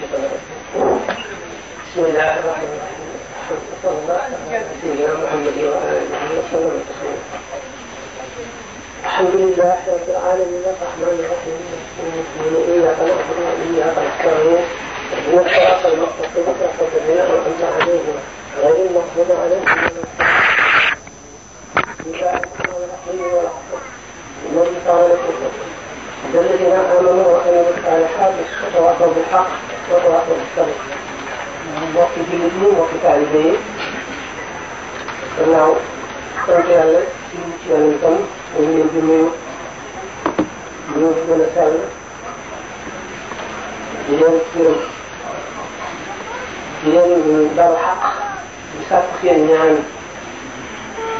بسم الله الرحمن الرحيم صلى الله على سيدنا محمد وعلى اله وسلم الحمد لله رب العالمين الرحمن الرحيم نحن اياك نعبد واياك نستعين اهدنا الصراط المستقيم صراط الذين انعمت عليهم غير المغضوب عليهم بسم الله الرحمن الرحيم والعصر الذي قال لكم الذين امنوا وعملوا الصالحات وتواصوا بالحق soo ko waxee sori mbokk jullit ñi mbokk taalibe yi gannaaw sant yàlla ci ci yeneen tam ñu ngi a sell di leen gërëm di leen bal xaq di sàkk seen ñaan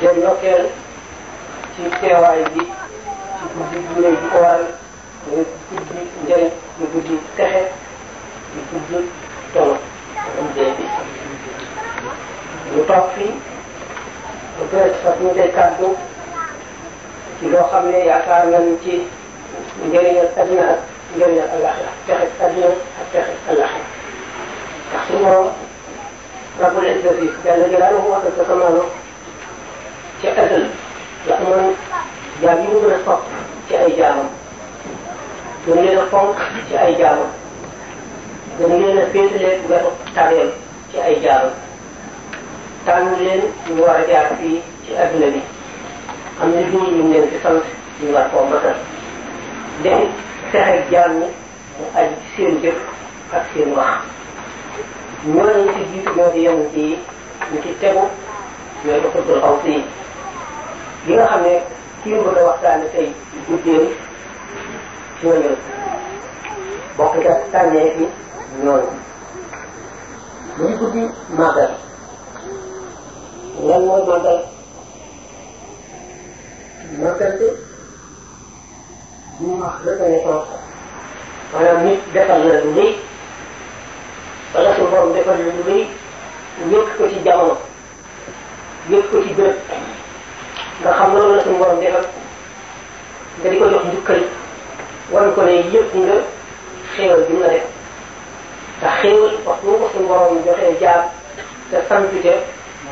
jël ndokkeel ci teewaay bi ci guddi bu rëy ko waral muy guddi njëriñ muy guddi texe وطفي وكيف فتنة كادو ci loo xam ne yaakaar nañ ci njëriñal adina ak njëriñal alaxira pexe adina ak pexe alaxira ndax su moom rabul izza fi jalla jalaaluhu wa azza kamaalu ci azal la amoon jaam yi mu gën a sopp ci ay jaamam gën leen a fonk ci ay jaamam dana leen a féetale wetu tànneel ci ay jaaru tànn leen ñu war a jaar fii ci adduna bi am na lii ñu leen ci sant ñu war koo di ñu ci tegu ñooy nga xam ne kii mu bëgg a waxtaane tey guddeem ci bokk ca tànnee fi ñooñu mu ngi guddi màggal lan mooy màggal màggal bi ñu wax reconnaissance maanaam nit defal na lu rëy wala suñu borom defal na lu rëy ko ci jamono yëkk ko ci nga xam loolu la suñu borom defal nga di ko jox njukkal war ko ne yëpp nga xéewal bi mu la ndax xéewal waxtu bu ko suñu borom joxee jaam te sant ca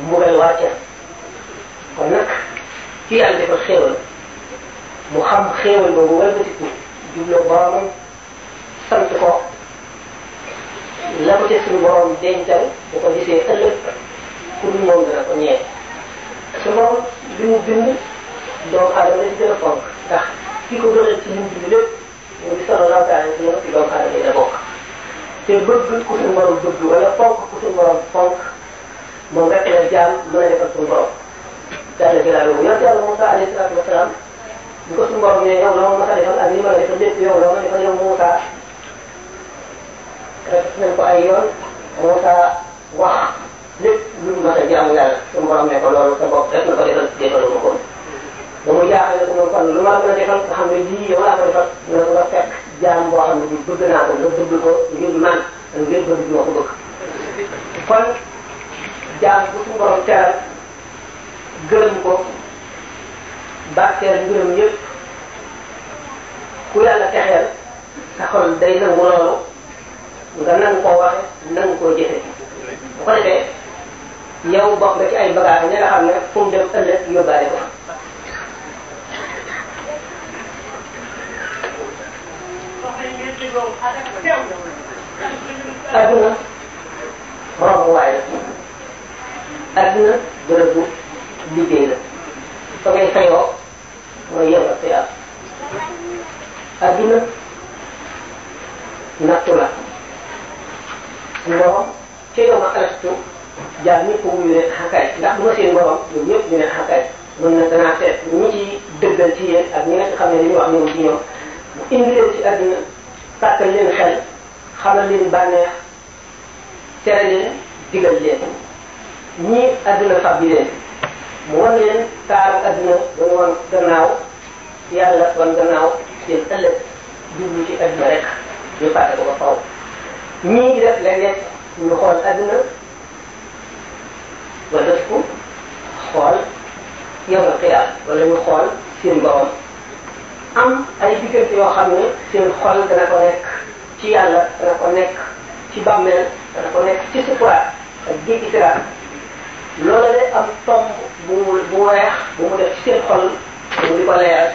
mbugal wàcca kon nag ki yàlla defal xéewal mu xam xéewal boobu wëlbatiku jubloo boromam sant ko la ko ca suñu dencal bu ko gisee ëllëg ku dul moom dana ko ñee su borom li mu bind doomu aadama la ci ndax ki ko gënal ci lim bind lépp mu di sallallahu alayhi wa sallam ci doomu aadama yi la bokk te bëgg ku suñu borom bëgg wala fonk ku suñu borom fonk moom rek la jaam mën a defal suñu borom daanaka jëlaat boobu yonent yàlla Moussa alayhi salaatu wa salaam bu ko suñu borom ne yow la ma mën a defal ak li ma la defal lépp yow la ma defal yow Moussa rafet nañ ko ay yoon Moussa wax lépp lu mu mën a jaamu yàlla suñu borom ne ko loolu sa bopp rek la ko defal defaloo ma ko ba mu jaaxle ko moom kon lu ma la mën a defal nga xam ne lii yow laa ko defal dina ko nga fekk jaam boo xam ne bi bëgg naa ko nga bëgg ko ngir man ngir bëgg bi ma ko bëgg kon jaam bu suñu borom teral gërëm ko barkeel mbiram yëpp ku yàlla texeel sa xol day nangu loolu nga nangu koo waxe nangu koo jëfe bu ko defee yow bokk nga ci ay bagages ña nga xam ne fu mu dem ëllëg yóbbaale ko adduna moromu waay la adduna bërëb bu liggéey la fa ngay fayoo mooy yow ak yàlla adduna nattu la moo ca yow ma alastu jaar ñëpp wuyu ne ma seen borom ñoom ñëpp ñu ne xàkkaay mën na danaa seet ñi ci dëggal ci yéen ak ñi nga xam ne li ñu wax ñoom ci ñoom indi leen ci àdduna tàkkal leen xel xamal leen bànneex tere leen digal leen ñii àdduna fab bi leen mu wan leen taaru àdduna dañu wan gannaaw yàlla wan gannaaw seen ëllëg jublu ci àdduna rek ñu fàtte ko ba faw ñii di def léeg-léeg ñu xool àdduna wala def ko xool yow na xiyaar wala ñu xool seen borom am ay diggante yoo xam ne seen xol dana ko nekk ci yàlla dana ko nekk ci bàmmeel dana ko nekk ci sukuraat ak jéggi siraat loola de am tomb bu weex bu mu def ci seen xol mu di ko leeral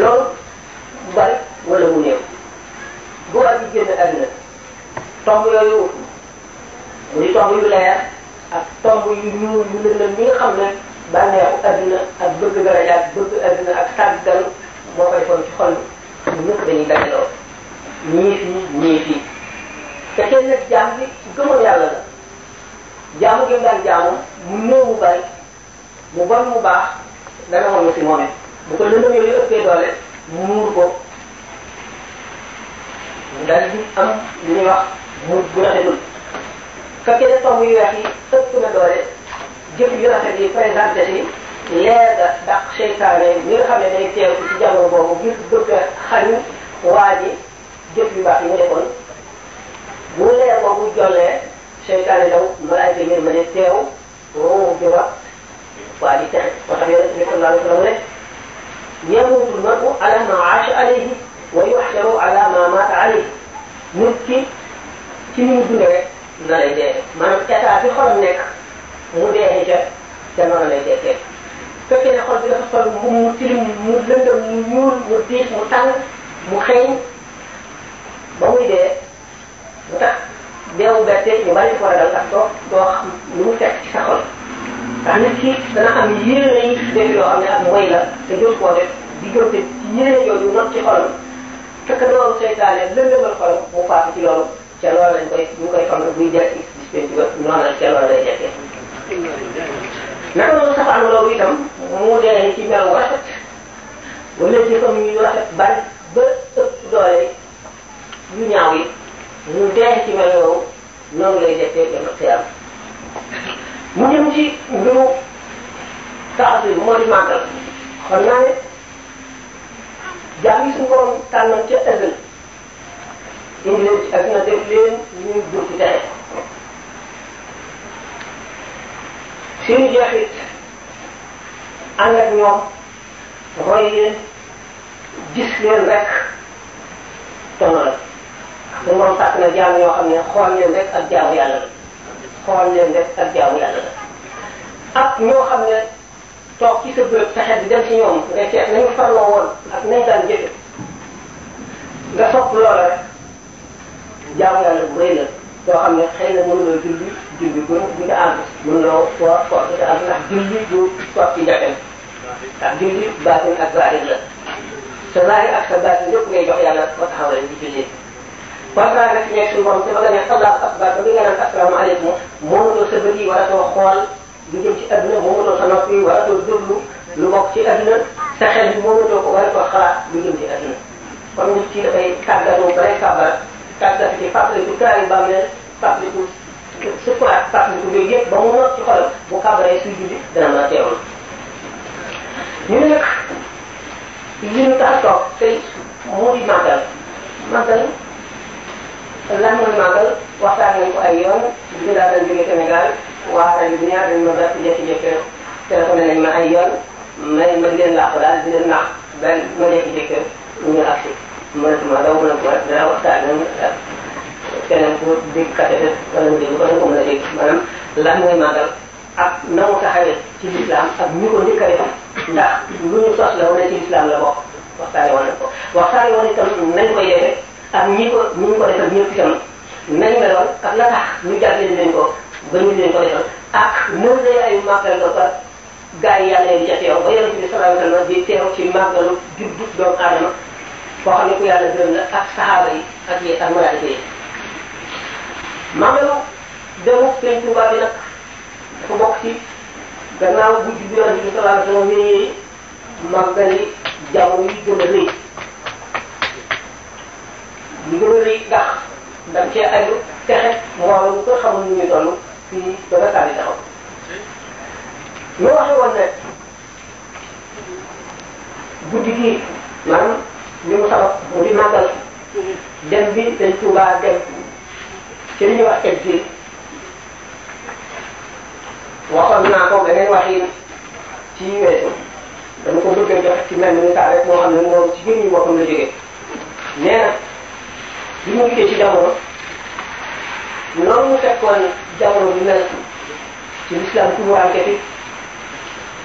loolu bari wala mu néew bu at yi génn àddina tomb yooyu mu di tomb yu leer ak tomb yu ñu ñu lëndëm ñi nga xam ne bànneexu adduna ak bëgg daraja ak bëgg adduna ak tàggal moo koy fon ci xol ñu ñëpp dañuy dajaloo ñii fii ñii fii te kenn nag jaam bi gëmoon yàlla la jaamu gi mu jaamu mu néew mu bari mu bon mu baax dana moom si moome bu ko lëndëm yooyu ëppee doole mu muur ko mu dal di am li wax mu bu rafetul fekkee ne tomb yu weex yi ëpp na doole jëf yu rafet yi présenté si lee da dàq seytaane ngir xam ne day teew ci jamono boobu ngir bëgg a xañ waa ji jëf yu baax yi mu defoon bu leer boobu jollee seytaane daw malaayka yër ma ne teew roowu juba waa ji texe moo tax yonente bi sallallahu alayhi wa sallam ne yamutu lmaru ala ma aasha alayhi wa yuxsaru ala ma maata alayhi nit ki ci ni mu dunde rek na lay dee maanaam état bi xolam nekk mu dee ca ca noonu lay dee teel fekkee ne xol bi dafa sol mu mu tilim mu mu ñuul mu diis mu tàng mu xeeñ ba muy dee mu tax deewu bette ñu bari ko ragal ndax doo doo mu fekk ci sa xol ndax nit ki dana am yéene yi def yoo xam ne ak mooy la te jot koo def diggante ci yéene jooju not ci xolam fekk loolu seytaane lëndëmal xolam mu faatu ci loolu ca loolu lañ koy ñu koy xam ne buy jeex ci dispense noonu la ca loolu lay naka noonu safaan loolu itam mu dee ci melo rafet wala jëfam yu rafet bari ba ëpp doole yu ñaaw yi mu dee ci melo yow noonu lay defee jëm xiyam mu jëm ci mbiru taxasul di màggal xam naa ne jaam yi suñu borom tànnoon ca ëllëg indi leen ci àdduna def leen ñu dugg ci suñu jeexit ànd ak ñoom roy gis leen rek tono la suñu moom na jaam ñoo xam ne xool leen rek ak jaamu yàlla rek ak ñoo xam ne toog ci sa bërëb fexe di dem ci ñoom nga seet nañu farloo woon ak nañ daan jëfe nga sopp loola rek yàlla bu rëy la yoo xam ne xëy na mënuloo julli julli ko ñu am mën loo ko ko ñu am ndax julli du topp ci njatem ndax julli baatin ak baatin la sa laari ak sa ngay jox ba di julli contraire rek nekk suñu borom ci bëgg ne allah akbar ba bi nga naan asalaamu aleykum moomuloo sa bëri wala too xool lu jëm ci aduna moomuloo sa noppi wala too déglu lu bokk ci aduna sa xel bi moomuloo ko wala jëm ci aduna kon sukkuraat fàttaliku yooyu mu noot ci xolam bu kàbbaree suy julli dana mën a teewlu ñu ne nag li ñu tax a toog tey moo di màggal màggal lan mooy màggal waxtaan nañ ko ay yoon bi laa daan jóge Sénégal waa rajo bi ñaar dañ ma ba jékki-jékki rek téléphoné nañ ma ay yoon may ma di leen làqu daal di leen làq benn ma jékki-jékki ñu ngi àgg si mënatuma daw mënatuma dara waxtaan nañ keneen ku dégg kase def wala nga dégg wala nga ko mën a dégg maanaam lan mooy màggal ak na mu ci lislaam ak ñu ko njëkk a def ndax lu ñu sos la wala ci lislaam la bokk waxtaane woon nañ ko waxtaane woon itam nañ koy defee ak ko ak la tax ñu jàppale ko gaa yi yàlla yi ca teew ba yonent bi sallallahu alayhi wa sallam teew ci màggalu juddu doomu aadama koo xam ne ku yàlla gërëm la ak saxaaba yi ak yi ak malaayika yi màggalu demu Sëriñ Tuubaa bi nag dafa bokk ci gannaaw bu juddu Yonent bi sallallahu alayhi wa sallam wéyee màggali jaww yi gën a rëy li gën a rëy ndax da cee aju texe lu ko xamul nu ñu toll fii ba nga taal di ne guddi gi maanaam li mu sabab mu di màggal dem bi Sëriñ Tuubaa dem ci li wax teggin waxoon naa ko beneen waxin ci weesu dama ko bëgg jox ci mel ni saa rek moo xam ne ci biir ñu boppam la jógee nee bi mu gisee ci jamono noonu mu fekkoon ci l'islam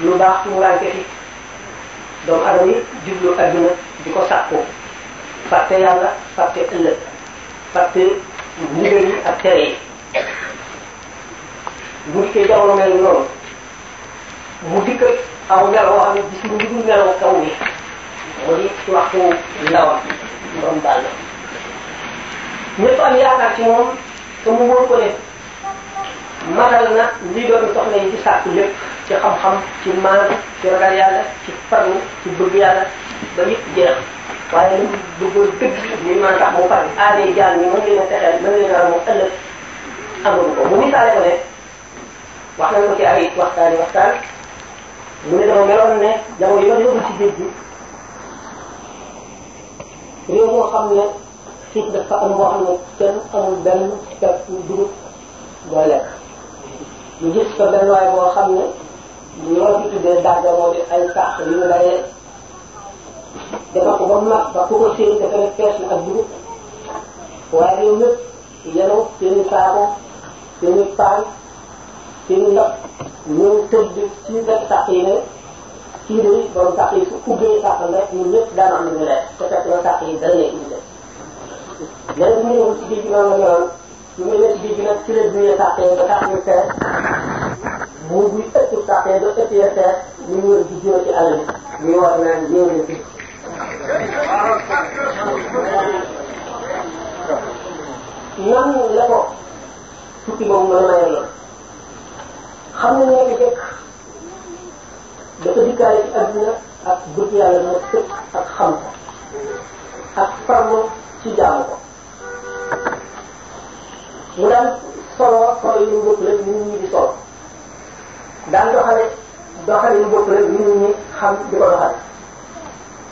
lu baax yi ndigal yi ak tere yi bu dikkee jamono mel noonu mu dikk aw mel woo xam ne mu digul mel kaw bi mu di ci waxtu ndawam borom baal na ñëpp am yaakaar ci moom te mu wóor ko ne matal na lii doon soxla yi ci sàkku ci xam-xam ci maanaam ci ragal yàlla ci farlu ci bëgg yàlla ba yëpp jeex waaye li dugg dëgg li mën a tax mu faru aadee jaan ñi mën leen a fexeel mën leen a ramu ëllëg amagu ko mu misaale ko ne wax nañ ko ci ay waxtaan yi waxtaan mu ne dama meloon ne jamono yi ma yóbbu ci géej gi réew moo xam ne xiif dafa am boo xam ne kenn amul benn pepp dugub boo lekk ñu gis ko benn waay boo xam ne ñoo fi tuddee dàgga moo di ay saax li mu daree defar ko ba mu mag ba ku ko séen dafa ne fees na ak dugub waaye ñoom ñëpp yenu seen i saako seen i paan seen i ndab ñëw tëdd ci wet sàq yi ne kii de borom sàq yi su ubbee sàqal rek ñun ñëpp daan am lu ñu lekk te fekk na sàq yi dara lekk ñu lekk léegi mu ñëw ci géej gi noonu la ñu ñu ngi leen di gën a tiré bu ñuy sàqee ba tax ñu fees bu buy ëpp sàqee ba ëpp ya fees ñu wër di jël ci àll bi ñu war naan ñëw na fii nan la ko tukki moom mën a mayal la xam ne nekk fekk dafa dikkaale ci adduna ak bëgg yàlla na sëkk ak xam ko ak farlo ci jaamu ko mu daan solo solo yu bokk rek nit ñi di solo daan doxale doxale yu bokk rek nit xam di ko doxale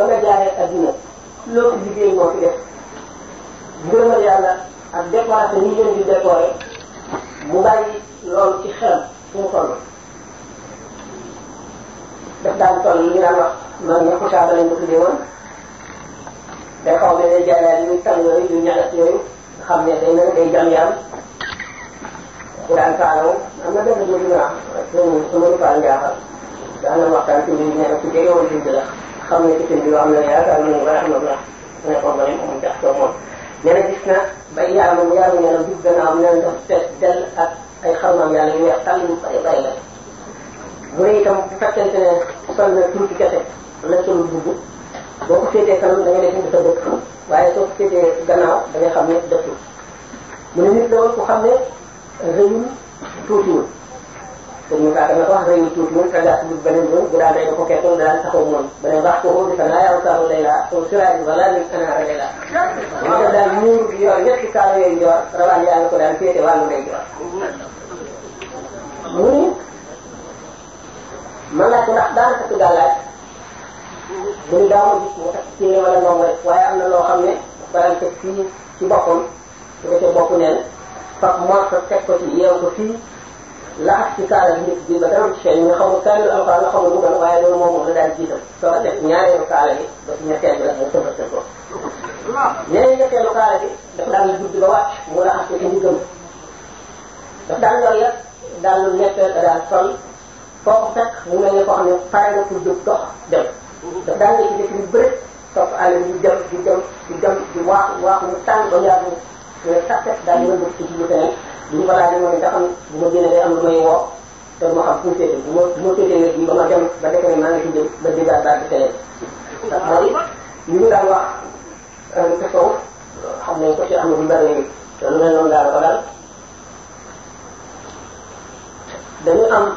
ba nga jaaree adduna loo fi liggéey moo fi def ngërëmal yàlla ak décoration yi ngeen mu bàyyi loolu ci xel fu mu toll. daf daan toll li ñu daan wax man ña xusaaba lañ ko tuddee woon day xaw ne day jaaraat yu tàng yooyu yu ñagas yooyu xam ne day na day jam yaram ku daan kaalaw am na benn góor yu ñu wax ak seen sama lu faal njaaxal daan na waxtaan ci mbir mi ne ku jege woon dund la. خمسة بالعمليات المباح والمباح ويقضي من تحتهم لأن جسنا بيع من يال من جدا عملان تستدل أي خرم يال من يحتل من طريق إليه بريك مفتن تنا صلنا توتي كتب لكن بوجو boo ko féetee kanam da ngay def ni sa dëkk waaye soo ko féetee gannaaw da ngay xam ne dëkk mu ne nit la woon ku xam ne rëyul tuutiwul sëñ Moussa dama ko wax réew yi tuuti moom tàggat bi beneen bi bu daan day ko kekkoo daan saxoo moom beneen wax ko di fanaa yaw yaa nga ko daan féete wàllu ndey yor mu man laaj ko ndax daan takk gàllaaj mu ni daamu gis mu takk téere wala ndongo rek waaye am na loo xam ne daan teg ci boppam su ko ca bopp neen fab morso teg ko ci yeew ko fii la ak ci kaala bi njëkk ba dara ci feeñ nga xamul kaala la alquran la xamul dugal loolu moom la daal jiital soo ko def ñaareelu kaala bi ba ci ñetteel la nga tëmbal ko ñeneen ñetteelu kaala bi dafa daan gudd ba wàcc mu la ak ci njëgam dafa daan yor yàq daan lu nekk da daan sol foo ko fekk mu mel ne koo xam ne na pour jóg dox dem dafa daan nekk dëkk bi bëri topp àll bi dem di dem di dem di waaxu waaxu mu tàng ba yàgg mu ne tàkkat daal yëngu ci jiwu keneen bu ñu ko laajee mooy nga xam bu ma génnee day am lu may woo te ma xam fu mu féete ba ma dem ba defe ne maa ngi fi jëm ba déggaat daal di feneen daan wax euh, tasawuf xam am na bu bari léegi te ko daal dañuy ko xamuñu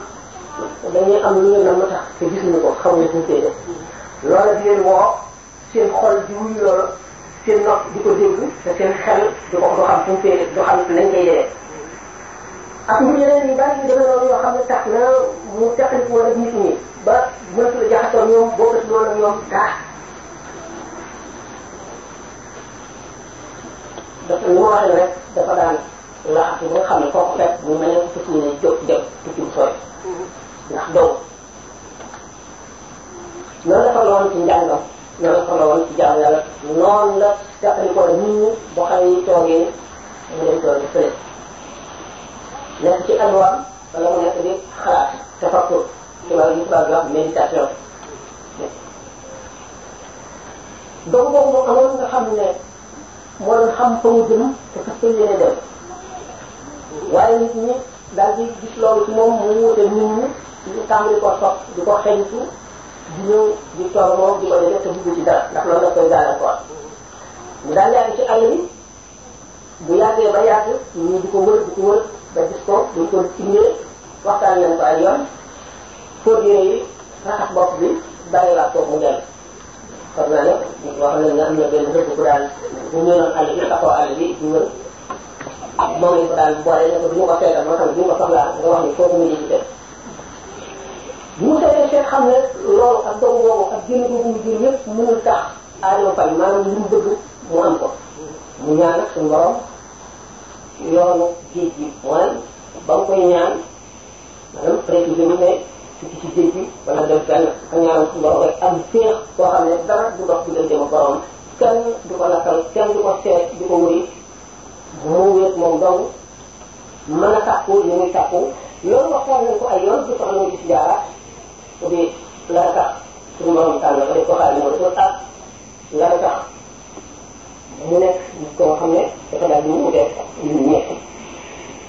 fu mu féete loola di leen woo seen xol di wuyu loolu seen nopp di ko dégg seen xel di ko du xam fu mu du xam nañ koy ak mu yeneen yu bari yu demee noonu yoo xam ne tax na mu teqali ko ak nit ñi ba mënatu la jaxasoo ñoom bokkatu loolu ak ñoom dara. dafa ni ma waxee rek dafa daan laxatu ba nga xam ne kooku rek mu mel ne que suñu ne jóg dem tukkiw sooy. ndax dong noonu la fa lool ci njàngam noonu la fa lool ci jaamu yàlla noonu la teqali ko ak nit ñi boo xam ne toogee mu dem toogee fële. nekk ci alwaan wala mu nekk di xalaat te fas yéene dem waaye nit gis loolu ci moom mu wute nit ñi ñu tàmbali ko sopp di ko xeñtu di ñëw di toog moom ko defee te bugg ci dara ndax loolu la koy gàllankoor mu daal yàgg ci àll bi bu yàggee ba yàgg ñu di ko wër di ko wër. ba gis ko ñu ko indee waxtaan nañ ko yoon fóot yére yi raxas bopp bi bàyyiwaat ko mu dellu. xam naa ne wax nañ ne am na benn dëkk bu daal bu ñëwoon àll àll bi daal boole xam ne du mu ngi ci xam ne loolu ak doomu boobu ak génn boobu mu jur yëpp mënul tax aadama fay maanaam lu mu bëgg mu am ko mu ñaan ak suñu yoonu géej gi maanaam ba mu koy ñaan maanaam précisé mu ne tukki ci géej gi wala ne dara du dox diggante ba borom kenn du ko lakkal kenn du ko seet du ko wëri mu wéet moom dong mën a tàkku li muy tàkku ko ay du soxla nga gis jaara te bi la tax suñu borom tànn ba def ko xaalis moo def ko tax ah, la tax mu nekk koo xam ne dafa daal di mu def ñun ñëpp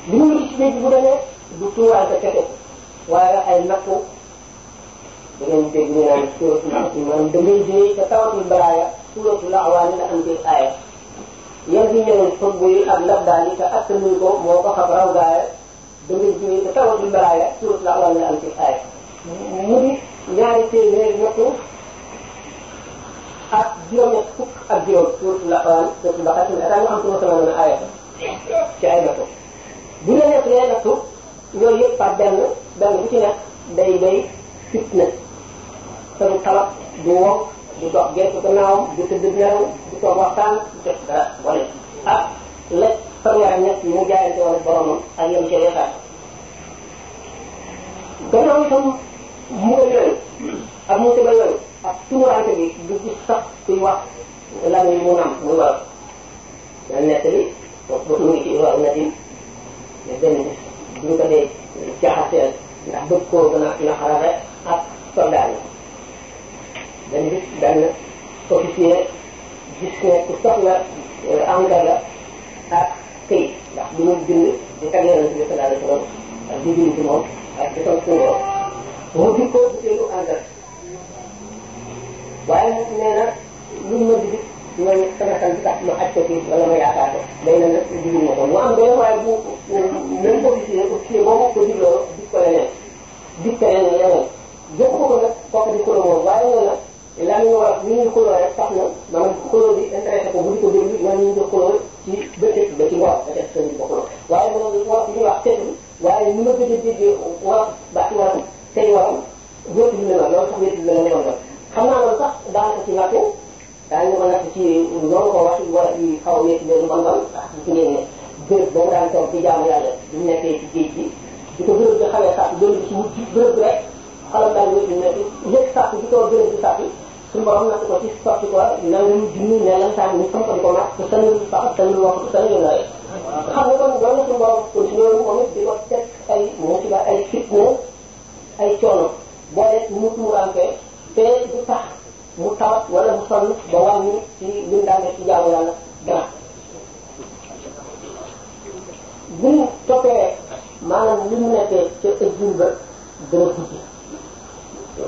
li mu ngi ci géej bu demee du tuuraal ko kese waaye ay napp da ngeen dégg ñu naan suratu naas maanaam da ngay jëyee te tawatul balaaya suratu laawaani la am ci aaya yan bi ñëwoon xutbu yi ak labdaan yi te attanuñ ko moo ko xam raw gaaya da ngay jëyee te tawatul balaaya suratu laawaani la am ci aaya mu di ñaari téeméer ñett ak juróom-ñett fukk ak juróom suuratul Baqara suuratul Baqara suuratul Baqara nga xam sama sama mën a aaya ci ay nattu bu ñu la nettalee nattu yooyu yëpp par benn benn bu ci nekk day day fitna te du tawat du wow du dox gerte gannaawam du tëdd nelaw du toog waxtaan du def dara wala ah la première ñett yi mu jaayante woon ak boromam ak yem ci weesaat gannaaw itam mu ko yooyu ak mu tëba yooyu ak tumurante bi du sax kuy wax lan yi mu nam muy wolof na nett li boobu mu ngi ci waaw natim mais benn bis duñ ko dee jaxaseel ndax bëgg koo gën a naxarale ak soldat yi benn bis benn officier gis ne ku soxla euh, engrais la ak këyit ndax du ñu di tag yonent bi sallallahu alayhi wa sallam ak di bind di toog di ko butéelu engrais waaye nag nee na lu ma di man sama xel bi tax ma aj ko fii wala ma yaakaar ko day na nag digul ma ko mu am benn waaye bu même boobu si ko kii boobu ko digloo dig ko leneen dig ko leneen leneen jox ko ko nag kooku di xuloo moom waaye nee na lan ñu wax ni ñuy xuloo rek tax na maanaam xuloo bi intéressé ko bu di ko déglu man ñu ngi xuloo ci bëccëg ba ci ngoor peut-être que ñu ko xuloo waaye moom wax li ñuy wax seetlu waaye ni ma gëj a déggee wax baati waram tey waram góor bi ne ma loolu sax wér bi la newoon xam naa loolu sax daanaka ci natt daañu ko natt ci noonu ko wax wala ci xaw a wécc loolu ban ban ndax gis ngeen ne béréb boobu daan toog ci jaamu yàlla bu ñu nekkee ci géej gi. di ko béréb bi xamee sax béréb bi ci wut ci béréb bi rek xalam daan wécc nekk yëg sax bi ko béréb bi sax bi suñu borom natt ko ci sotti ko nangu junni ne lan saa ni xam ko di ko natt te sënul sax sënul wax ko sënul nawet. xam nga kon loolu suñu borom continué wu moom it di ko teg ay musiba ay fitna ay coono boo dee mu tuurante te du tax mu tawat wala mu sonn ba wàññi ci li mu daan def ci jaamu yàlla dara bu ñu toppee maanaam li mu nekkee ca ëjjul ba dana guddi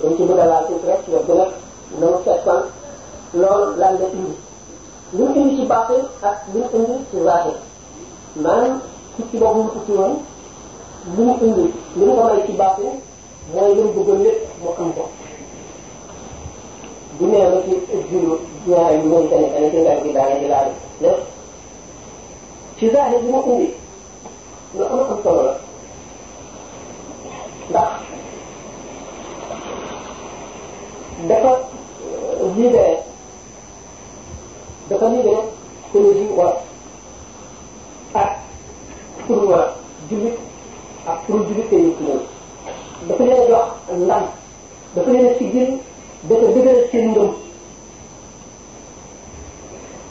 dañ ci bëgg rek yow dana dana fekkoon indi li indi ci baatin ak li indi ci zahir maanaam tukki boobu mu tukki woon li mu indi li mu ko ci baatin mooy li mu lépp mu am ko jumeelati jullu ñaari moom tamit tamit ci ngar gi daane ci laal ne ci zaahir bi mu indi lu am am solo la ndax dafa libéré dafa libéré colonie war ak pour waa jullit ak pour jullit te nit moom dafa leen jox ndam dafa leen sigil dafa dëgëral seen ngëm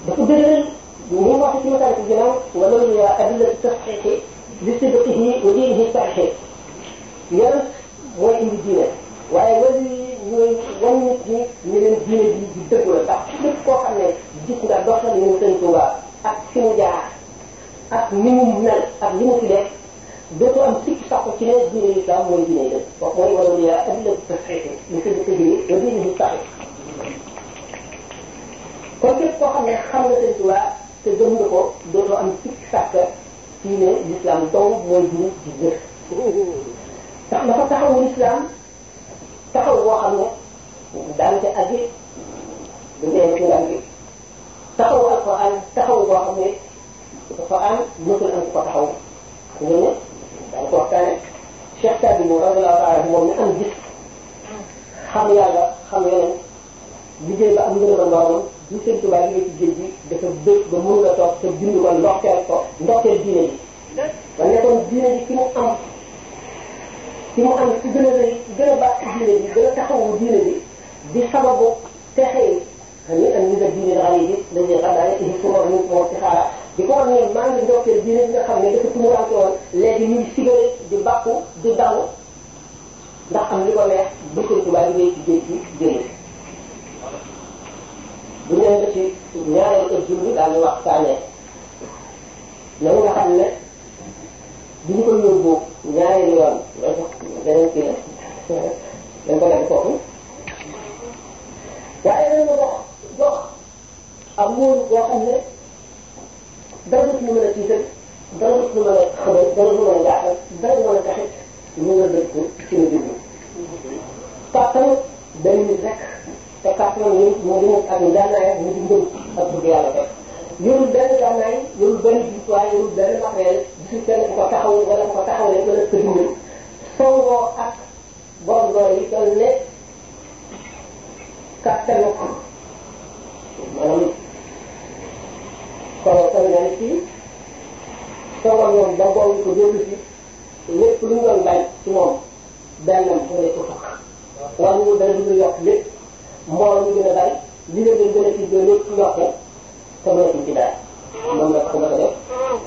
dafa dëgëral ni mu waxee ci mataal ci ginnaaw wala mu yaa adilla tasxiixi li sidqihi wa diinihi saxiix yàlla mooy indi diine waaye wali ñooy wan nit ñi ñu leen diine di dëgg la ndax képp koo xam ne gis nga doxal ni mu sëñ Tuubaa ak fi mu jaar ak ni mu mel ak li mu fi dootu am sikki sàkk ci ne diine lislaam mooy diine dëgg wax mooy wala yaa ëllëg tasxiixi li fi dëkk bi ba diine bi saxi kon képp koo xam ne xam nga sëñ Tuubaa te gëm nga ko dootu am sikki sàkk ci ne lislaam dong mooy diine ci jëf ndax dafa taxawu lislaam taxaw boo xam ne daante agi du dee ci ngam bi taxawu alquran taxaw boo xam ne alquran mësul am ko taxaw nga ne daañu ko waxtaane Cheikh Sadio Mbow radiyallahu taala moom ñu am gis xam yàlla xam yeneen liggéey ba am ngërëmal boromam bu seen tubaab liggéey ci géej gi dafa nekkoon diine mu am ki mu am ci gën gën a gën a taxawu diine ji di sababu texe hani an ñu def diine xale yi it dañuy xam daal di tuumal ñu nga xam ne dafa ñu ko neex bu ñaareelu ëpp bi daal di wax saanee loolu nga xam yoon loolu kii la dañ ko def foofu waaye dañ ko wax. ak wóolu boo xam ne dara dootu mën a tiital dara dootu mën a xamal dara dootu mën a jaaxal dara mën a taxit ñu nga dëkk ko ci la jublu. kàttan benn nit rek te kàttan yi moo di nekk ak gànnaayam mu di ngëm ak bëgg yàlla def yorul benn gànnaay yorul benn jumtuwaay yorul benn matériel gisul kenn ku ko taxaw wala ku ko taxawee wala ko dimbali songoo ak borom doole yi toll ne kàttanu maanaam solo solo na ne kii soxla ñoom ba boobu ko dellu lépp lu ñu doon ci moom bennam mu nekk fukk wala ñu dana dund yokk lépp mbooloo ñu gën a bari li leen di gën a tuddee lépp yokk te mënatuñ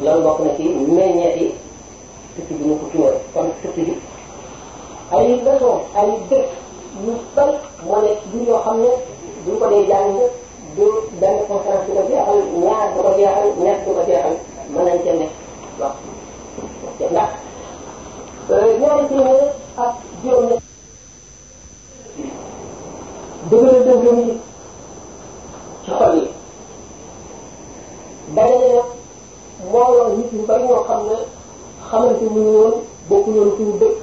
loolu bokk na ci meññeet yi tukki bi ñu ko tuur kon tukki bi ay ay dëkk yu bari moo nekk du xam ne duñ ko dee jàng du benn conférence du ko jeexal ñaar du ko jeexal ñett du ko jeexal mën nañ ca nekk wax ndax euh, ñaari nit ñu bari ñoo xam ne xamante ni ñu woon bokku ñoon suñu dëkk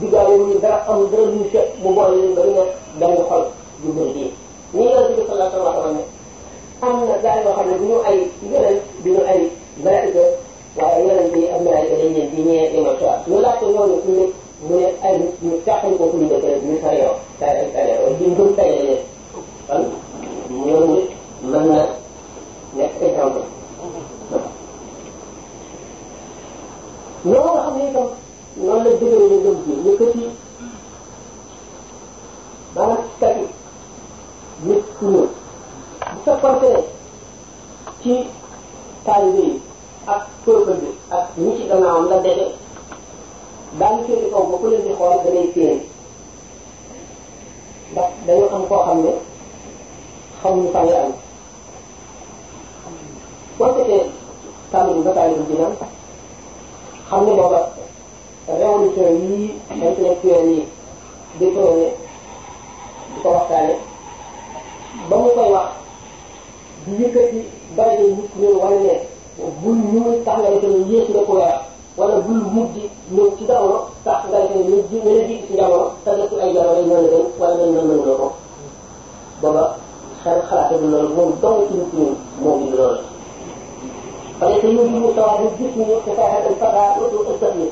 diggaale ñu dara amul dara lu ñu mu boole leen ba ñu nekk benn xol ju bëri bii nii la ci sallallahu alayhi wa sallam am na gaa yoo xam ne bu ñu ay yeneen du ñu ay malaayika waaye yeneen bi am malaayika dañ leen di ñee di ma soir ñu laaj ko yoonu ku nekk mu ne ay ñu càqal ko ku ñu dëkk ñu fa yow tay ak tay wala di ngëm tay leen kon ñoom nit mën na nekk exemple loolu nga xam ne itam noonu la dëgëre ñu gëm ji yëkkati maanaam tati nit ku ñëw soppante ci taalibe yi ak peuple bi ak ñi ci gannaawam la dese daañu féete kaw ba ku leen di xool da lay ndax dañu am koo xam ne xamuñu fan la am boo seetee taalibe ba taalibe ji nag xam ne booba révolution yii intellectuel yi di prôné di ko waxtaane ba mu koy wax di yëkkati bàyyi leen nit ñëw wala ne bul ñu muy tax nga defe ne yées nga ko yara wala bul mujj ñëw ci jamono tax nga defe ne ji nga ji ci jamono te def ay jamono yi noonu dem wala mel noonu mën ko booba xel xalaate du loolu moom dong ci nit ñi moom di loolu فليس يوجد ثواب الجسم كفاحة الفتى والتسليم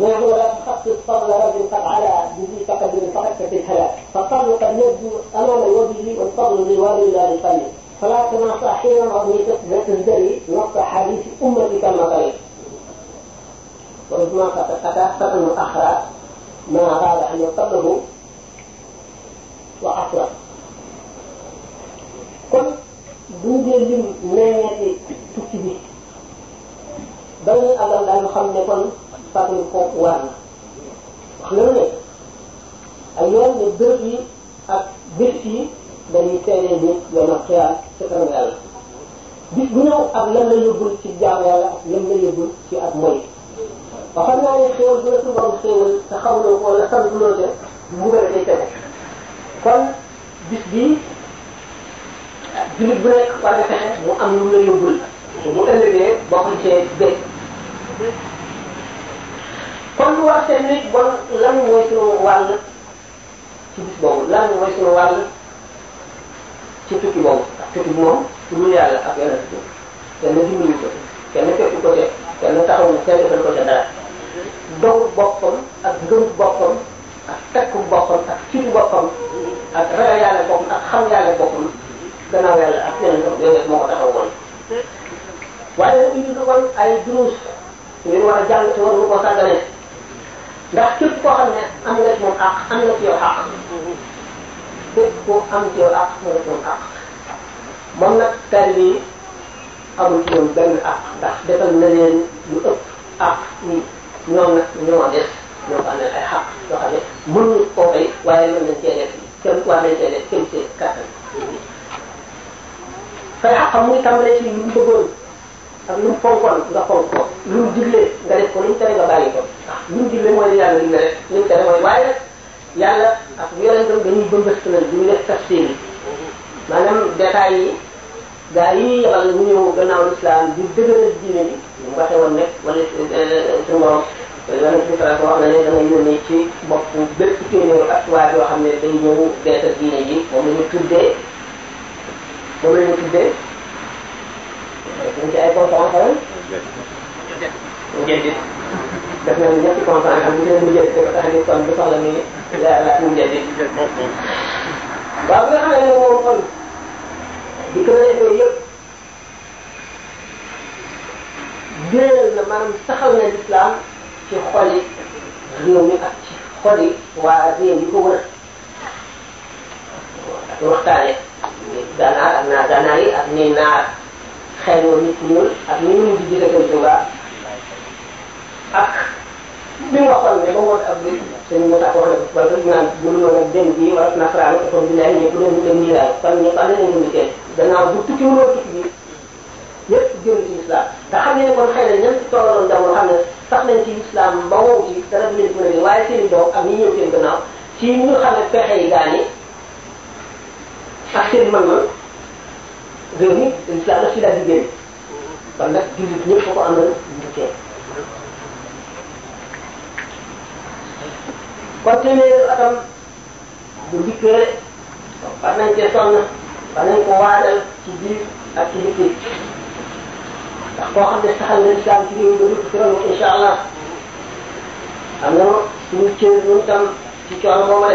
ما هو لا تخصص فضل رجل قد علا به تقدم فحسة الهلاك فالفضل قد يبدو امام الوجه والفضل للوالد لا للقلب فلا تنصح حين رضيت تزدري نص حديث أمتك المطلق وربما قد تكاثر من أخرى ما أراد أن يقبله وأطلق قل دودي لم نانيتي تكتبه بل أدل أن يخمنكم فاتل فوق وانا خلوني اليوم الدرقي أكبر dañuy teenee nit dana xiyaar ci kanam yàlla bis bu ñëw ak lan la yóbbul ci jaam yàlla ak la yóbbul ci ak moy waxam naa ne xéewal bu la su borom xéewal te bis bii jullit bu nekk war fexe mu am lu mu la yóbbul bu ëllëgee bokk cee béy kon lu war seen nit bon lan mooy sunu wàll ci bis boobu lan mooy sunu wàll ci tukki boobu ak tukki bi moom suñu yàlla ak yonent bi kenn dimbali ko kenn fekk ko ca kenn taxawu kenn defal ko ca dara dogu boppam ak ngëm boppam ak takku boppam ak fit boppam ak ragal yàlla boppam ak xam yàlla boppam gannaaw yàlla ak yonent bi ko taxaw woon waaye nag indi ko ay duruus ngeen war a jàng te war nga koo sàggane ndax képp koo xam ne am nga moom àq am nga ci yow àq képp ku am ci yow àq nga def moom àq moom nag taalibe yi amul ci ñoom benn àq ndax defal na leen lu ëpp àq ñi ñoom nag ñoo def ñoo ko amee ay xaq yoo xam ne mënuñu koo fay waaye mën nañ cee def kenn waa nañ cee def kenn cee kàttan fay àqam muy tàmbalee ci lu mu bëggoon ak lu mu fonkoon nga fonk ko lu mu diglee nga def ko lu mu tere nga bàyyi ko ndax lu mu diglee mooy li yàlla digle rek lu mu tere mooy waaye yàlla ak yonentam dañuy bëmbëstalal duñu def tafsir yi maanaam détails yi gaa yi ñuy yebal ñu ñëw gannaaw lislaam di dëgëral diine bi ñu waxe woon nekk wala euh, suñu borom yonent bi sallallahu alayhi wa sallam wax na ne da ngay yónnee ci bopp bépp téeméeru ak waa yoo xam ne day ñëw beesal diine ji moom la ñu tuddee moom la ñu tuddee dañ ci ay conférence mujaddid def nañu ñetti conférence am ñu mujaddid dafa tax ni kon du soxla ni ah, la la mujaddid waaw bi nga xam ne moom kon di ko defee yëpp biral na maanaam saxal na lislaam ci xol yi réew mi ak ci xol yi yi ko wër waxtaane ganaar ak naa ganaar yi ak ni naar xeer nit ñuul ak ni ah, ak li mu waxoon ne ba mu ak bi sëñ bi na ko benn bii wala nasaraan ak ne kon ne sax nañ ci islam ba ko am na ñu teel kon téeméeri atam bu dikkee war nañ cee ko waajal ci biir ak ci biti ndax koo xam ne saxal na lislaam ci réew mi ba dugg incha allah am na suñu cër ñun tam ci coono boobu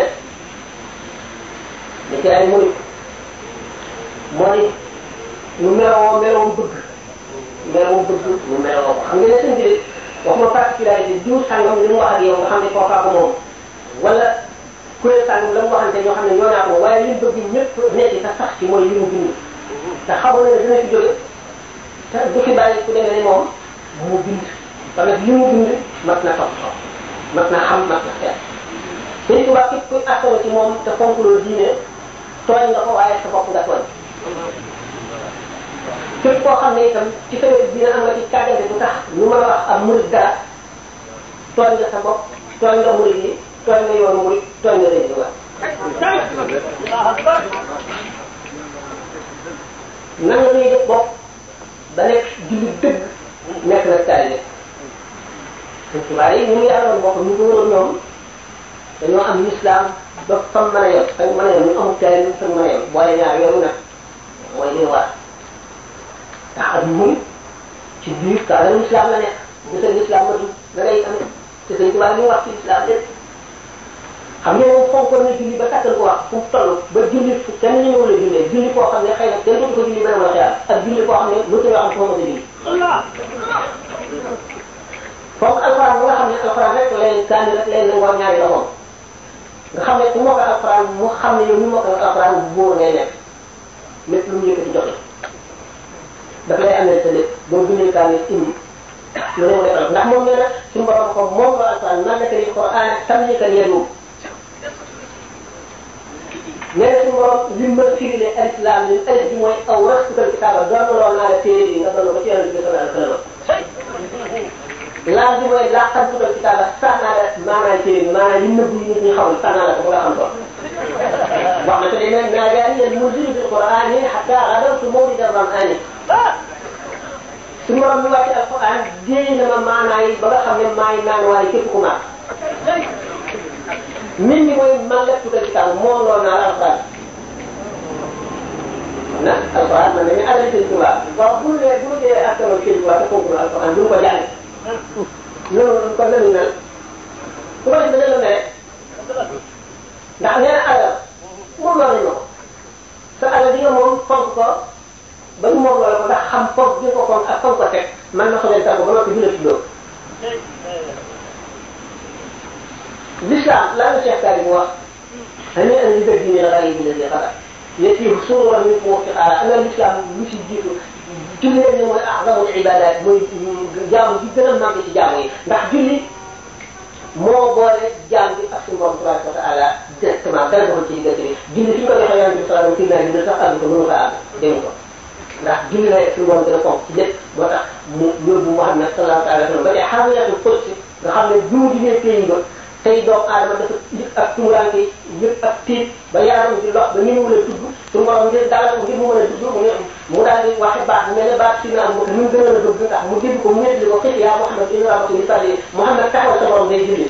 de ay murit mooy ñu meloo meloo bëgg meloo bëgg ñu meloo ko xam nga ne seen biir waxuma particularité diw sàngam li mu wax ak yow nga xam wala kuréel sàngam la mu waxante ñoo xam ne ñoo naa ko waaye liñ bëgg ñëpp nekk te sax ci mooy li mu bind te xamoon na dina ci te du li mu bind mat na toppatoo mat na xam mat na seet Sëriñ Tuubaa képp kuy askan ci moom te fonk loolu diine tooñ nga ko waaye sa bopp nga tooñ koo xam ne itam ci sa wér am nga ci càggante bu tax lu mën a wax am murid dara tooñ nga sa bopp tooñ nga murid yi tooñ na yoonu muy tooñ na Sëriñ Tuubaa nan la ñuy def bopp ba nekk jullit dëgg nekk nag taalibe Sëriñ Tuubaa yi ñu ngi yaroon bopp ñu ko wëroon ñoom dañoo am lislaam ba fam mën a yor fam mën a yor ñu amul taalibe fam mën a yor boole ñaar yooyu nag mooy li war ndax ak muy ci biir kaw la lislaam la nekk bu sa lislaam matul da ngay am te Sëriñ Tuubaa li mu wax ci lislaam lépp xam nga moom fonkoon na julli ba kàttal ko wax fu mu toll ba julli fu kenn ñu ñëw la jullee julli koo xam ne xëy na kenn dootu ko julli ba ne wala xeyaal ak julli koo xam ne mënta yoo xam fu ma mën a julli fonk alquran bu nga xam ne alquran rek leen kaani rek leen nangoo ñaari loxoom nga xam ne ku mokkal alquran mu xam ne yow ñu mokkal alquran bu wóor ngay nekk lépp lu mu yëkkati joxe daf lay amee sa lépp boo bindee kaani indi lu ne mu defal ndax moom nee na suñu borom ko moom la alquran nan la ko alquran tam ñu ko yeedu mais suñu borom li ma firile islam li alif bi mooy aw rax su kitaaba doon loo naa la téere yi nga doon ko ci yàlla bi sama yàlla sallama laaj bi mooy laa xam su kitaaba sax naa la maanaam téere bi maanaam li nëbb yi nit ñi xamul sax naa la ko nga xam ko wax na ko de nag naa gaa yéen mu jiri bil quran yi xataa xadam su moo di daram ani suñu borom bi wàcce alquran déey na ma maanaa yi ba nga xam ne maa ngi naan waaye képp ku maa min ni mooy mallaktuka alkitaab moo noon naa la alquran na alquran man dañu adal sëñ Tuubaa waaw bu ne bu ma jëlee askanoo sëñ Tuubaa te fonk alquran du ma ko jàng loolu kon nanu nal ku ko def dana la mere ndax nee na alal moom loo nañ ma ko sa alal di nga moom fonk ko ba ñu moom loola ko ndax xam fonk gi ko fonk ak fonk ko teg man na ko leen tàggu ba ma ko jullee ci loolu لسان لا نسيح كارم واحد هني أن يبدين الغريب الذي قدر يتيه صورة من فوق على أن الإسلام مش يجيته julli ne mooy ahdaru ibadat mooy jaamu bi gën a màgg ci jaamu yi ndax julli moo boole jaam bi ak suñu borom tabaraka wa taala directement dara doxul ci diggante bi julli suñ ko joxee yonente bi salaam ci naa dina sax àgg ko mënu ko àgg dégg ko ndax julli la suñu borom gën a fonk ci lépp moo tax mu yóbbu Muhammad sallallahu alayhi wa sallam ba tey xaaral yàlla ko ci nga xam ne jumu di ne pays ba tey doomu aadama dafa yëpp ak yëpp ak tiit ba yaram di lox ba ñëwu la dugg suñu borom ngir dalal ngir mu mën a dugg mu ne mu di waxe baax mel ne baax si na am mu gën a mu dégg ko mu nekk li ko xëy yaa Muhammad inna rabaka yusalli Muhammad taxawal sa borom ngay julli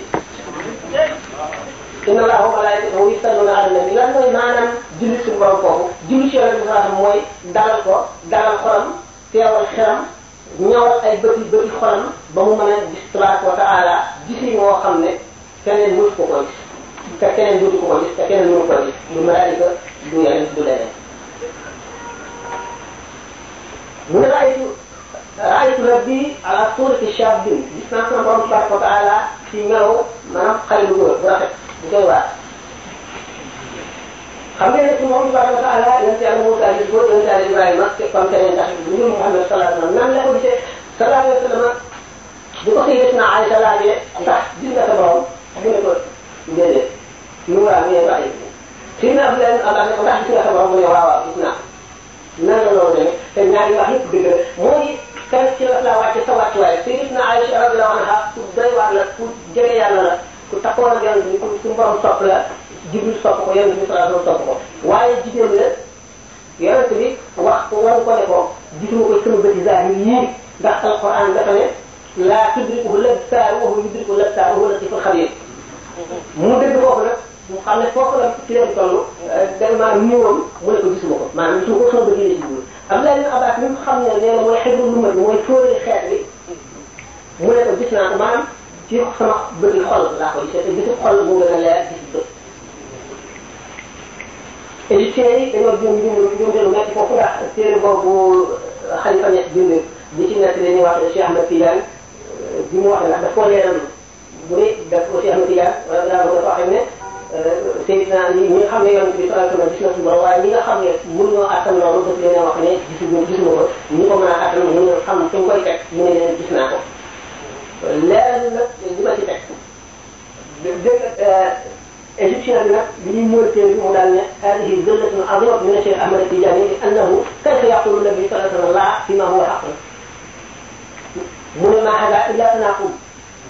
inna laahu wa malaa'ikatahu yusalluuna ala nabi mooy maanaam julli suñu borom julli ci yonent bi sallallahu mooy dalal ko dalal xolam teewal xelam ñawal ay bëti bëti xolam ba mu mën a gis tabaraka wa gisi woo xam ne كان الموت كوكوي كان دوت كوكوي كان نور كوكوي لما دو يعني دولانا من رأيت رأيت ربي على صورة الشاب دين جسنا أصلا برم تبارك وتعالى في ملو ما قلب جوه برافق جوه خمسة يسمعون تبارك وتعالى ينسي على موسى الجبور ينسي على إبراهيم كم كان ينتحب من محمد صلى الله عليه وسلم نعم لأبو بشيء صلى الله عليه وسلم بقصي يسمع على صلى الله عليه وسلم تحت جنة برام هذول ديدي نورا مية ضعيف سيدنا فلان أبعد أبعد سيدنا سبعة من يوها وإثناء نعم نعم نعم سيدنا أبي وحيد بقر موي كان سيدنا لا واجه سبعة شوية سيدنا عائشة رضي الله عنها كدري وعلا كدري يعلا كتقوى رجال كن كن بعض صقلا جبل صقوا يوم جبل صقوا صقوا واي جبل لا يوم تبي وقت وان كنا كم جبل كم بتزاهي دخل وهو لطيف الخبير mu dëgg foofu nag mu xam ne foofu la téere bi toll dañ maanaam muuram mu ne ko gisuma ko maanaam su ko sama bëggee ci dund Abdoulaye bin Abbas mi mu xam ne nee na mooy xibru lu mën mooy fóoree xeet bi mu ne ko gis naa ko maanaam ci sama bëgg xol laa ko gisee te gisu xol moo gën a leer gis bët égyptiens yi dañoo jëm jëm jëm jëm nekk foofu ndax téere boobu xalifa nekk bind bi ci nekk dañuy wax Cheikh Ahmed Tidiane bi mu wax ne ndax daf koo leeral bu ne def ko Cheikh Moussa Dia wala daa ko waxee ne sayidina ñi ñi xam ne yoon bi sallallahu alayhi wasallam gis na suñu borom waaye ñi nga xam ne mënuñoo attan loolu daf leen wax ne gisuma gisuma ko ñi ko mën a attan mën a xam fi mu koy teg ñu ne leen gis naa ko leeral nag li ma ci teg dégg égyptien bi nag bi ñuy ñëw teel mu daal ne hadihi zallatun azimat min cheikh ahmad tijani li annahu kayfa yaqulu nabi sallallahu alayhi wasallam la fima huwa haqq mu ne ma hada illa tanaqum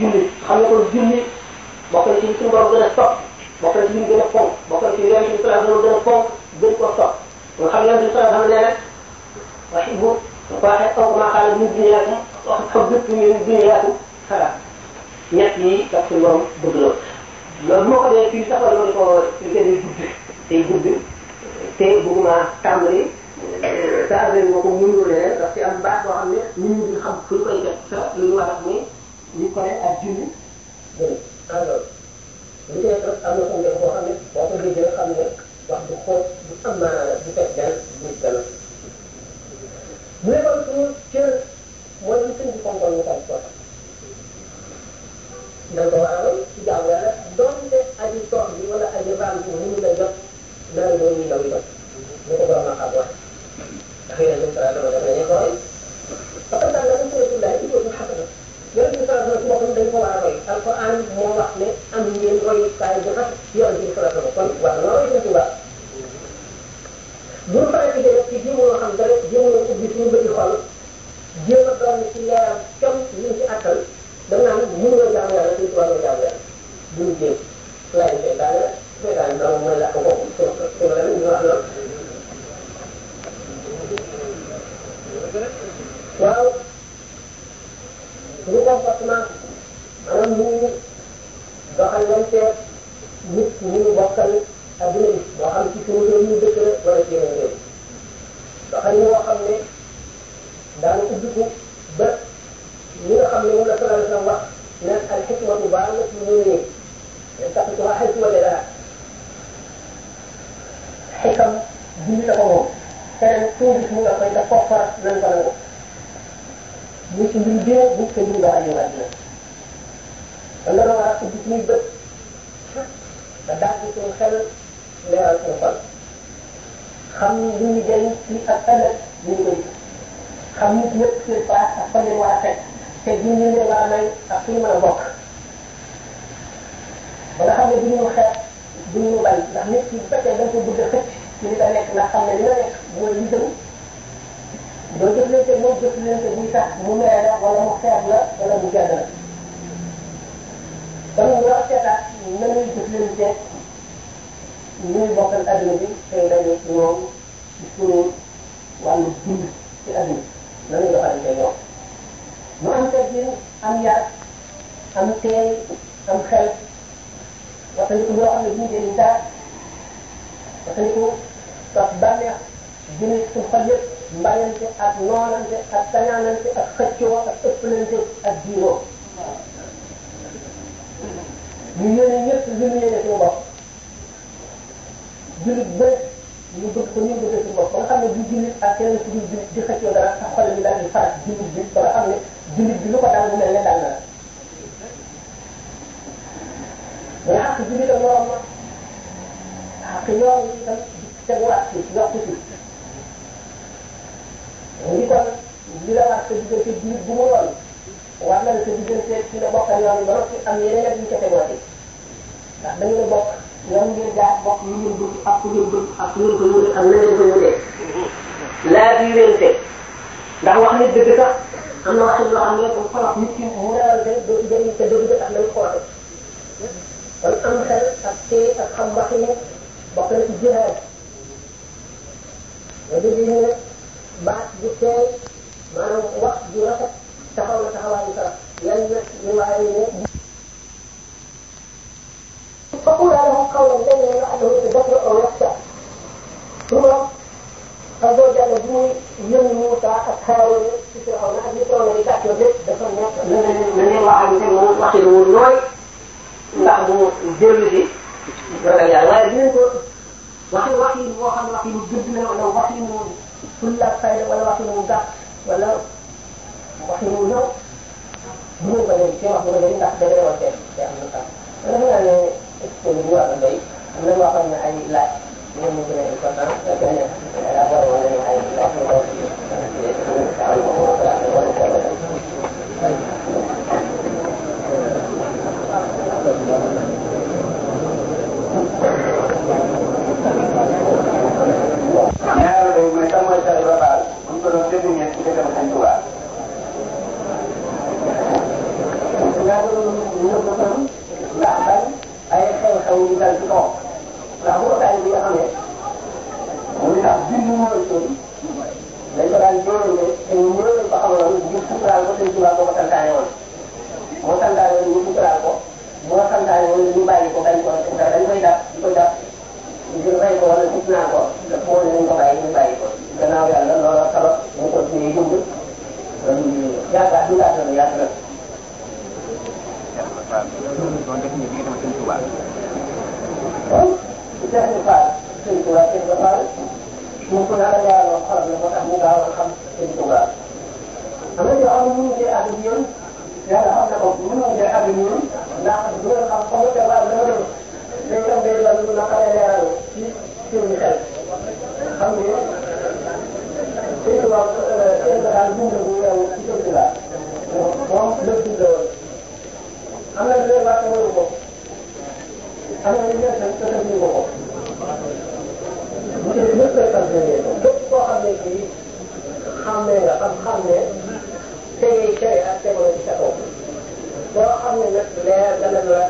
julli xam nga kon julli bokk na ci suñu borom gën a topp bokk na ci ñu gën a fonk bokk na ci yonent bi sallallahu gën a fonk gën ko topp nga xam yonent bi sallallahu alayhi wasallam nee na wax bu ko waxee kooku maa xaaral ñu yi ak suñu borom bëgg moo ko dee fii sax ko li gën a gudd tey gudd te bëgguma tàmbali sa affaire boo ko mënuloo leneen ndax ci am ne nit ñi xam fu ñu koy def sa lu ñu war ñu koy ak julli dëgg alors bu dee trop am na suñu boo xam ne boo ko déggee xam ne wax bu xóot bu am maana la bu teg dal bu dal bu ne kon suñu cër mooy lu sëñ bi fonkoon ñu koy soxla ndax ko waral ci jaamu yàlla donte aji toog bi wala aji raam bi mu la jot naa doon ñu ndaw jot ñu ko borom xam wax ndax yéen a ngi ko dafa dañuy xool parce que daal la ko tuddee tuddee ci ko ñu xatal yonent bi sallallahu alayhi wa sallam dañ ko war a roy alquran moo wax ne am ngeen royukaay bu rafet yonent bi sallallahu alayhi wa bu ñu faral di gën a ci xam dara jéem a ubbi suñu bëri xol jéem a doon ci leeram comme ñu ci attal da naan mënuloo jaamu yàlla Sëriñ nga jaamu yàlla bu ñu jéem laaj seytaane la seytaane doomu mooy làkk boobu su kon am xel ak tey ak xam waxine bokk na ci jihaad nga dégg ñu ne baat bu teey maanaam wax bu rafet taxaw na taxawaayu sa yan na ñu waaye ne فقول له قولا لن يعده تدبر او يخشى ثم فزوج نبي من موسى اكهارون في فرعون ابي فرعون لتاكل بيت دفن من من الله عز وجل وحيد ونوي baaxoo jël de ragal yàlla waaye dinañ ko waxi waxi moo xam waxi mu gudd la wala waxi mu fulla fayda wala waxi mu gàtt wala waxi mu ñëw bu ñu ko dee ci wax bu ko dee ndax dëgg la woon tey tey am na tam wala mu naan exposé bu war a doy am na loo xam ne ay laaj ñoom ñu gën a important da gën a élaboré wala ñu ay laaj ñu ko Ahmed Ibrahim buñ ko doon déglu ñeent dégg na seen tubaab. yaa ngi doon ñëpp tam ndax bañ ay xew-xew yu dal ci kaw ndax bu ko daal bi nga xamee mu ngi tax bind mooy sori dañ ko daal jéeréer te ñëwee ba xamaloon ngir suturaal ko seen tubaab boo ko santaane woon moo santaane woon ñu suturaal ko moo santaane woon ñu bàyyi ko bañ ko dañ koy dàpp di ko dàpp ngir rey ko wala gis naa ko moo ne nañ ko bàyyi ñu bàyyi ko gannaaw yàlla loola sabab ñu ko suñuy jumb kon yaakaar du laata la yaakaar. waaw def ñu diggante ma sëñ Touba. kon su fekkee Fall sëñ Touba sëñ Ba Fall mu ko nar a yaaroo xolam la moo tax mu gaaw a xam sëñ Touba. am na yoo xam ne mënuñu see àgg ak yéen yàlla xam na ko mënuñu see àgg ak yéen ndax du ngeen xam xamu te baax dama doon day dem day doon lu naqaree leeral ci suñu xel xam nga Deelal deelal almini bu yow ci dëkk la moom lépp la woon am na léegi waa tawaru ko am na ñeent ak sa dëkk ko mu ne ñëpp lay xam ne képp koo xam ne kii xam ne nga xam xam ne tegee cere ak tegoo ci sa kaw boo xam ne nag leer dana la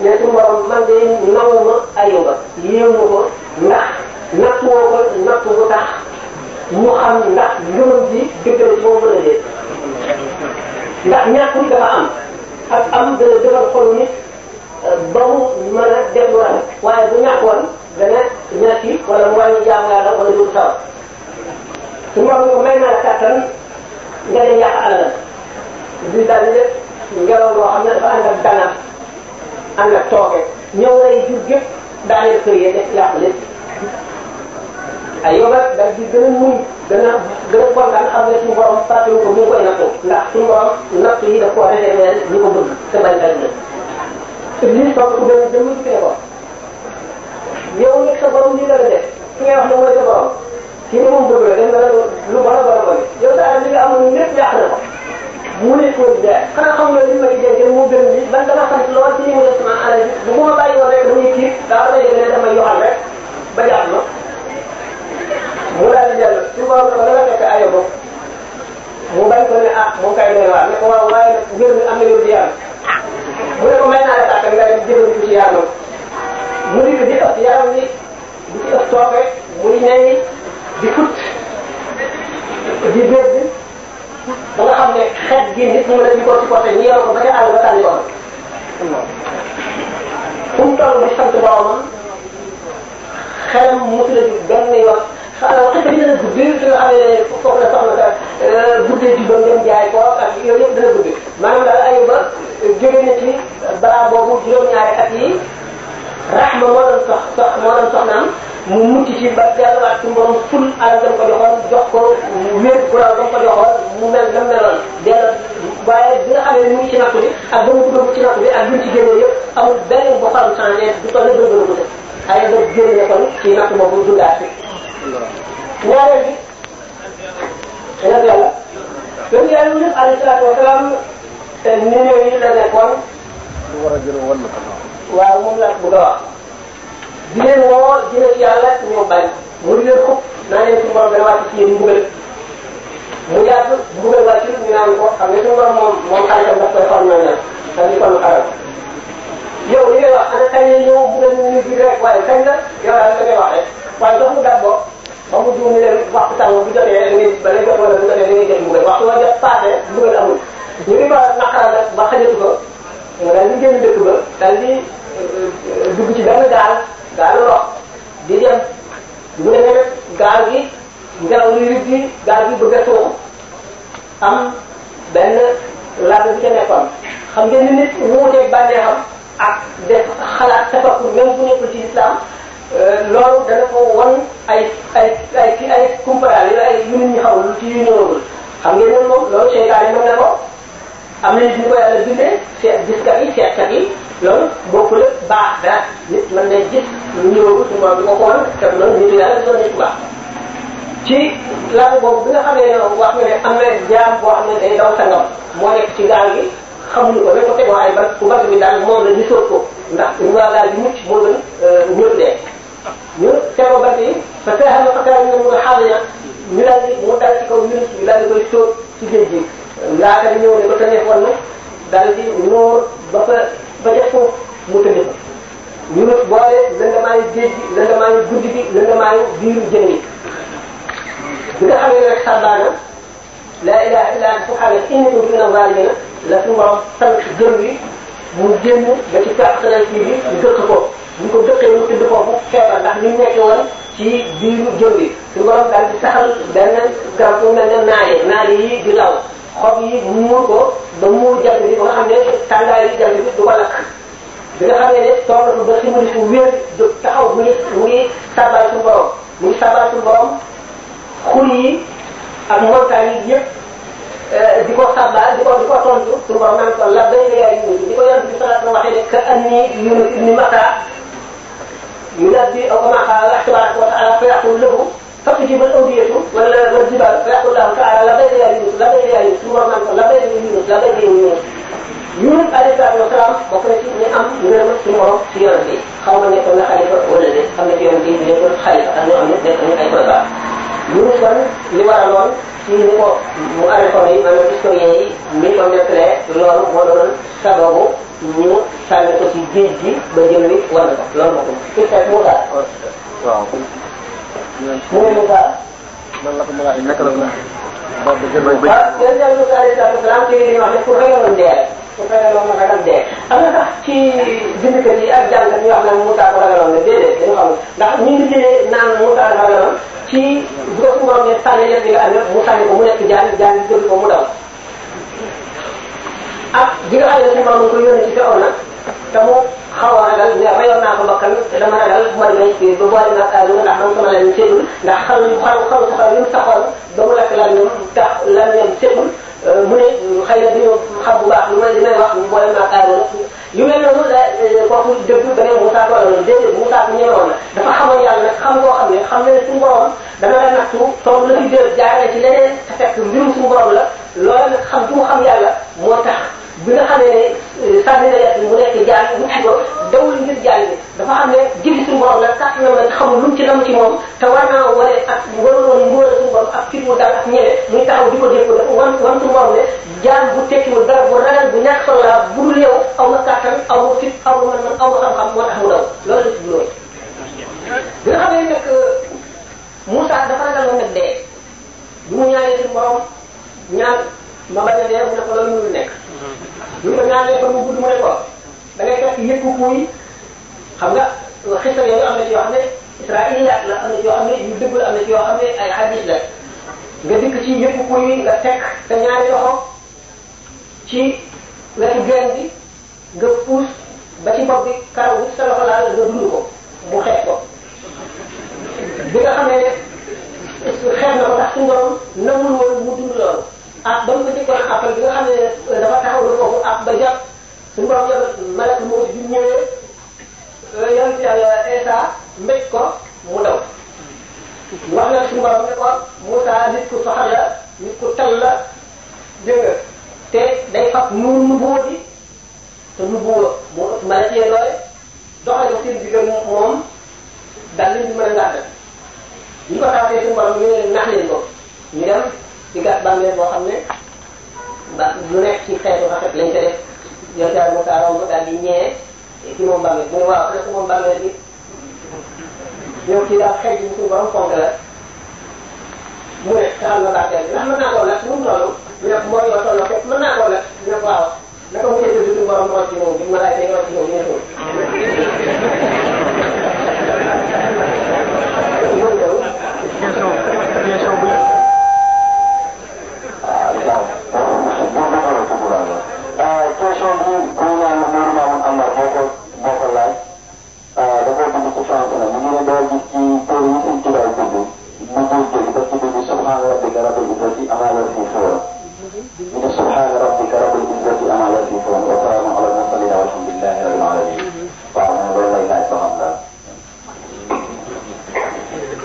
ne suñu borom man de naw ma ayuba yéemu ko ndax natt woo ko natt bu tax mu xam ndax ngëmam ji dëgg la ci moom mën a dee ndax ñàkkul dafa am am dana defar xolu nit euh, ba mu mën a dem wala waaye bu ñàkkoon dana ñàkki wala mu wàññi jaam yàlla wala du sawar suñu borom ko may na la nga dem yàq alal di daal loo xam ne dafa ànd ak ak nga toogee ñëw lay jur gépp daaneel kër yi def yàq lépp ay yow nag daal di gën a muñ gën a gën a kontaan xam ne suñu borom fàttewu ko mu koy nattu ndax suñu borom nattu yi daf ko réservé ñu ko bëgg te bañ bañ la iblis toog ko benn dëmm ci ko yow nag sa borom lii la la def ki ngay wax ne mooy sa borom ki ne moom bëgg la def nga lu bon a bon a bon yow daal li nga amoon lépp yàq na ko mu ne ko jaay xanaa xam nga li ma di jaay moo gën bi ban dama xarit lool mu def sama alal bi bu ma bàyyi woon rek dañuy tiit daa war a yëg ne dama yoxal rek ba ma mu daal di dellu su boobu nag dama fekk ayo ko mu bañ ko ne ah moom kay doy waar ne ko waaw waaye nag mbir mi am na yow di yàlla mu ne ko may naa la tàkk nga dem jëfandiku ci yaramam mu di ko di ëpp yaram bi di ci ëpp tooke muy ney di fut di bedd ba nga xam ne xeet gi nit ñi mën a di ko supporté ñu yor ko ba ca àll ba tànn yoon. fu mu toll di sant boromam xelam mosu la jug benn yoon xanaa xëy na dina gudd fi nga xam ne foofu la soxla sa euh, guddee ji ba ngeen jaay ko ak yooyu yëpp dina gudd. maanaam daal ayuba jóge na ci balaa boobu juróom-ñaari at raxma moo doon sox sox moo doon soxnaam mu mucc ci ba delluwaat ci mborom ful alal dam ko joxoon jox ko wér kuraaw dam ko joxoon mu mel nam meloon ci benn bu xolam changé du toll gën gën a gudd xëy na génn na kon ci natt boobu dundaat bi ñaareel bi nag yàlla yow yàlla lépp alayhi salaatu wasalaam te ni ñooyu la nekkoon war a jël waaw moom laa bëgg a wax di leen woo di leen yàlla ñu bañ mu di leen xub naa leen suñu borom dana wàcc ci yéen mbugal mu yàgg mbugal wàcc ñu naan ko xam nga suñu borom moom moom xaritam daf koy xool noonu la daf di xool xaram yow li ngay wax ana kañ la ñëw mbugal ñu nit rek waaye kañ la yow daal la ngay wax rek waaye dox mu gàddoo ba mu juum leen waxtu sàmm bu jotee da ngay ba lay jot wala bu jotee da ngay jël mbugal waxtu wa jot passé mbugal amul ñu ngi ko naqaral ba xajatu ko nga daal di génn dëkk ba daal di dugg ci benn gaal gaalu rox di dem bu demee nag gaal gi ngelaw li rëdd gi gaal gi bëgg a tuux am benn laaj bi ca nekkoon xam ngeen ni nit wuuteeg bànneexam ak def xalaat tafakur même bu nekkul ci islam euh, loolu dana ko won ay ay ay ki yu nit ñi xaw lu ci yu ñëwagul xam ngeen ne moom loolu seytaane mën na ko am na nit ñu ko yàlla bindee seet giskat yi seetkat yi loolu bokkul ak baax dara nit mën na gis ñëwagu ci moom bi ko xool te mu doon nitu yàlla doon nit baax ci laaj boobu bi nga xamee ne am na jaam boo xam ne day daw sangam moo nekk ci gaal gi xamuñu ko dañ ko tegoo ay bant bu bant bi daal moom la ñu ko ndax waa gaal bi mucc moo que euh, xam nga fa kaay a xaal ya ñu daal di mu daal ci kaw minute bi daal di koy sóor ci géej gi laata ñëw ne ko tëneefoon na daal di noor ba fa ba ca foofu mu tëdd fa ñu nut boole lëndamaayu géej gi lëndamaayu guddi gi lëndamaayu biiru jën yi bi nga xamee ne rek sàbbaana laa ilaha illa ant subhanaka inni kuntu mina zalimin la suñu borom sant jën wi mu génn ba ci captral kii bi ñu dëkk ko bu ñu ko dëkkee mu tëdd foofu feebar ndax ni mu nekkee woon ci biiru jën bi suñu borom daal di saxal benn garab bu mel ne naaje naaje yi di law xob yi muur ko ba muur jant bi ba nga xam ne tàngaay yi jant bi du ko lakk bi nga xam ne ne toog na ba ximali fu wér taxaw mu ngi mu ngi sabal suñu borom mu ngi sabal suñu borom xur yi ak montagne yi yëpp di ko sabal di ko di ko tontu suñu borom naan ko la bay yaay yu di ko yonent bi sallallahu alayhi wa sallam waxee ne ka anni yunus ibni mata yunabbi aw kama qaala tabaraka wa taala fa yaqul lahu فكتب الأودية ولا والجبال فيقول له تعالى لبيك يا يونس لبيك يا يونس ثم ننسى لبيك يا يونس لبيك يا يونس Yunus alayhi salaatu wa salaam bokk na ci ñu am ngërëm suñu borom ci yoon bi xaw ma nekkoon na xalifa wala de xam na ci yoon bi nekkoon xalifa ak ñoo am ne nekk nañu ay xalifa Yunus kon li waraloon ci ni ko mu arrêté yi maanaam historien yi ni ko nekkalee loolu moo doon sababu ñu sànni ko ci géej gi ba jëm wi war ko loolu moo ko. waaw. mu Musa. nan la ko mën a nekk la ko mën a. ba jël ba jël Musa alayhi salaam ci li ñuy wax ne ku ragaloon dee rek ku ragaloon na ragal dee. am na sax ci bindkat yi ak jàngkat ñu wax naan Musa ko ragaloon ne déedéet dañu xamul ndax ñu ngi liggéey naan Musa ko ragaloon ci bu ko suñu ne sànni yëpp yi nga am yëpp mu sànni ko mu nekk jaan jaan jël ko mu daw. ak bi nga xam ne suñu borom mu ngi ko yónnee ci Firawna te mu xaw a ragal ne rayoon naa ko bakkan te dama ragal bu ma demee ci ba boole naag aaduna ndax man sama leneen séddul ndax xalu xalu xalu xalu lim saxoon ba mu lakk lan ñoom tax lan ñoom séddul mu ne xëy na dina xam bu baax lu may li may wax bu boole naag aaduna yu mel noonu la euh, kooku dëgg da ngay Moussa ko wala déedéet Moussa bi ñëwoon la dafa xamoon yàlla nag xam koo xam ne xam ne suñu borom dana la nattu toog la fi jël jaarale ci leneen te fekk mbirum suñu borom la loolu nag xam bu mu xam yàlla moo tax bi nga xamee ne sànni na yàq mu nekk jaay wuti ko dawul ngir jaay bi dafa xam ne jëli suñu borom la kàtt na man xamul ci nam ci moom te war naa wane ak waroon mbóor suñu mu dal di ko def ko dafa ne jaay bu tekkiwul dara bu bu ñàkk la ci juróom bi nga nag euh, Moussa dafa ragal woon nag dee bu mu ñaanee suñu borom ñaan ma bañ a dee mu ne ko loolu mënul nekk ñu ngi ko ñaanalee fan mu gudd mu ne ko da ngay fekk yëpp kuuy xam nga xisar yooyu am na yoo xam ne israiliyaat la am na yoo xam ne yu dëgg la am na ci yoo xam ne ay hadis la nga dikk ci yëpp kuuy nga fekk sa ñaari loxo ci wetu genn bi nga puus ba ci bopp bi karaw bi sa loxo laal nga dund ko mu xeex ko bi nga xamee ne xeex na ko ndax suñu borom namul woon mu dund loolu. ah ba mu ko njëkkoon xàppal nga xam ne dafa taxawul foofu ah ba jàpp suñu borom yabal malak moo di ñëwee euh, yonent yàlla Isa mbéj ko mu daw. wax na suñu borom ne ko Moussa nit ku soxal la nit ku tal la dégg nga te day fab nuur nu boo di te nu boo moo malak yee doole doxale ko seen digg moom daal li ñu mën a ngàddal ñu ko taatee suñu borom ñu ne nax leen ko ñu dem. ci gas bàmmeel boo xam ne ba lu nekk ci xeetu rafet lañ ko def yow daal moo kaa romb daal di ñee ci moom bàmmeel mu ne waaw rek moom bàmmeel bi yow ci daal xeet bi suñu borom fonk la mu ne taxal na bàmmeel bi ndax mën naa koo lakk mu toll ñu ne mooy yow tolloo fekk mën naa koo lakk ñu ne waaw naka mu koy dëgg suñu borom root ci moom bi ma laaj day root ci moom ñu ne سبحان ربك رب العزة أما يصفون من سبحان ربك رب العزة أما يصفون وسلام على المرسلين والحمد لله رب العالمين وأعلم أن لا إله إلا الله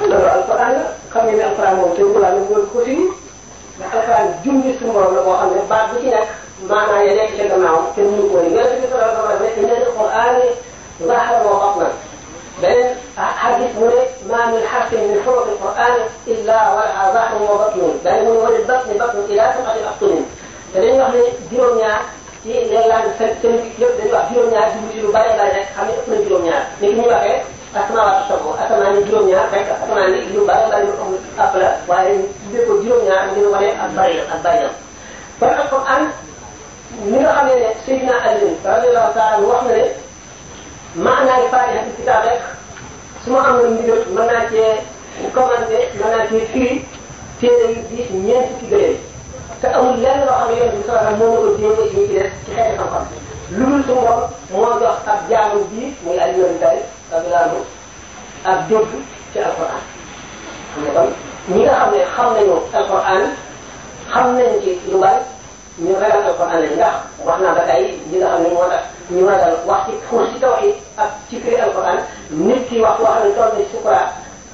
لو أن سؤال كم من أفرام وكيف لا نقول كوتيني ما أفرام جملة وأنا بعد ذلك ما أنا يليك لكم معه القرآن ظهر وقطنا حديث هنا ما من حرف من حروف القرآن إلا ولها ظهر وبطن بل من ولد بطن بطن إلى سبعة أبطن dañuy wax ne juróom ñaar ci léeg laa seen seen lépp dañuy wax juróom ñaar dugg ci lu bare bare rek xam ne ëpp na juróom ñaar ni ñu waxee asamaa waa sabo asamaa ni juróom ñaar rek asamaa ni lu bare bare lu amul app la waaye tuddee ko juróom ñaar ngeen wane ak bari ak bari la kon ak ko an ni nga xamee ne Seydina Alioune radiyallahu taala wax na ne maanaa yi faatiha ci kitaab rek su ma amoon ndigal mën naa cee mu commandé mën naa cee firi téere yu diis ñeent fukki gëléem te amul lenn loo xam ne yonent bi sallallahu alayhi wasallam moo ma ko jéem a indi ci des ci xeeti xam-xam lu dul su moom moo jox ab jaamu diis muy Ali ibn Talib radiyallahu anhu ak dégg ci alquran xam nga kon ñi nga xam ne xam nañu alquran xam nañ ci lu bari ñu ragal alquran lañ ndax wax naa ba tey ñi nga xam ne moo tax ñu ragal wax ci xuur ci tawxid ak ci firi alquran nit ki wax wax ne toll na ci sukuraat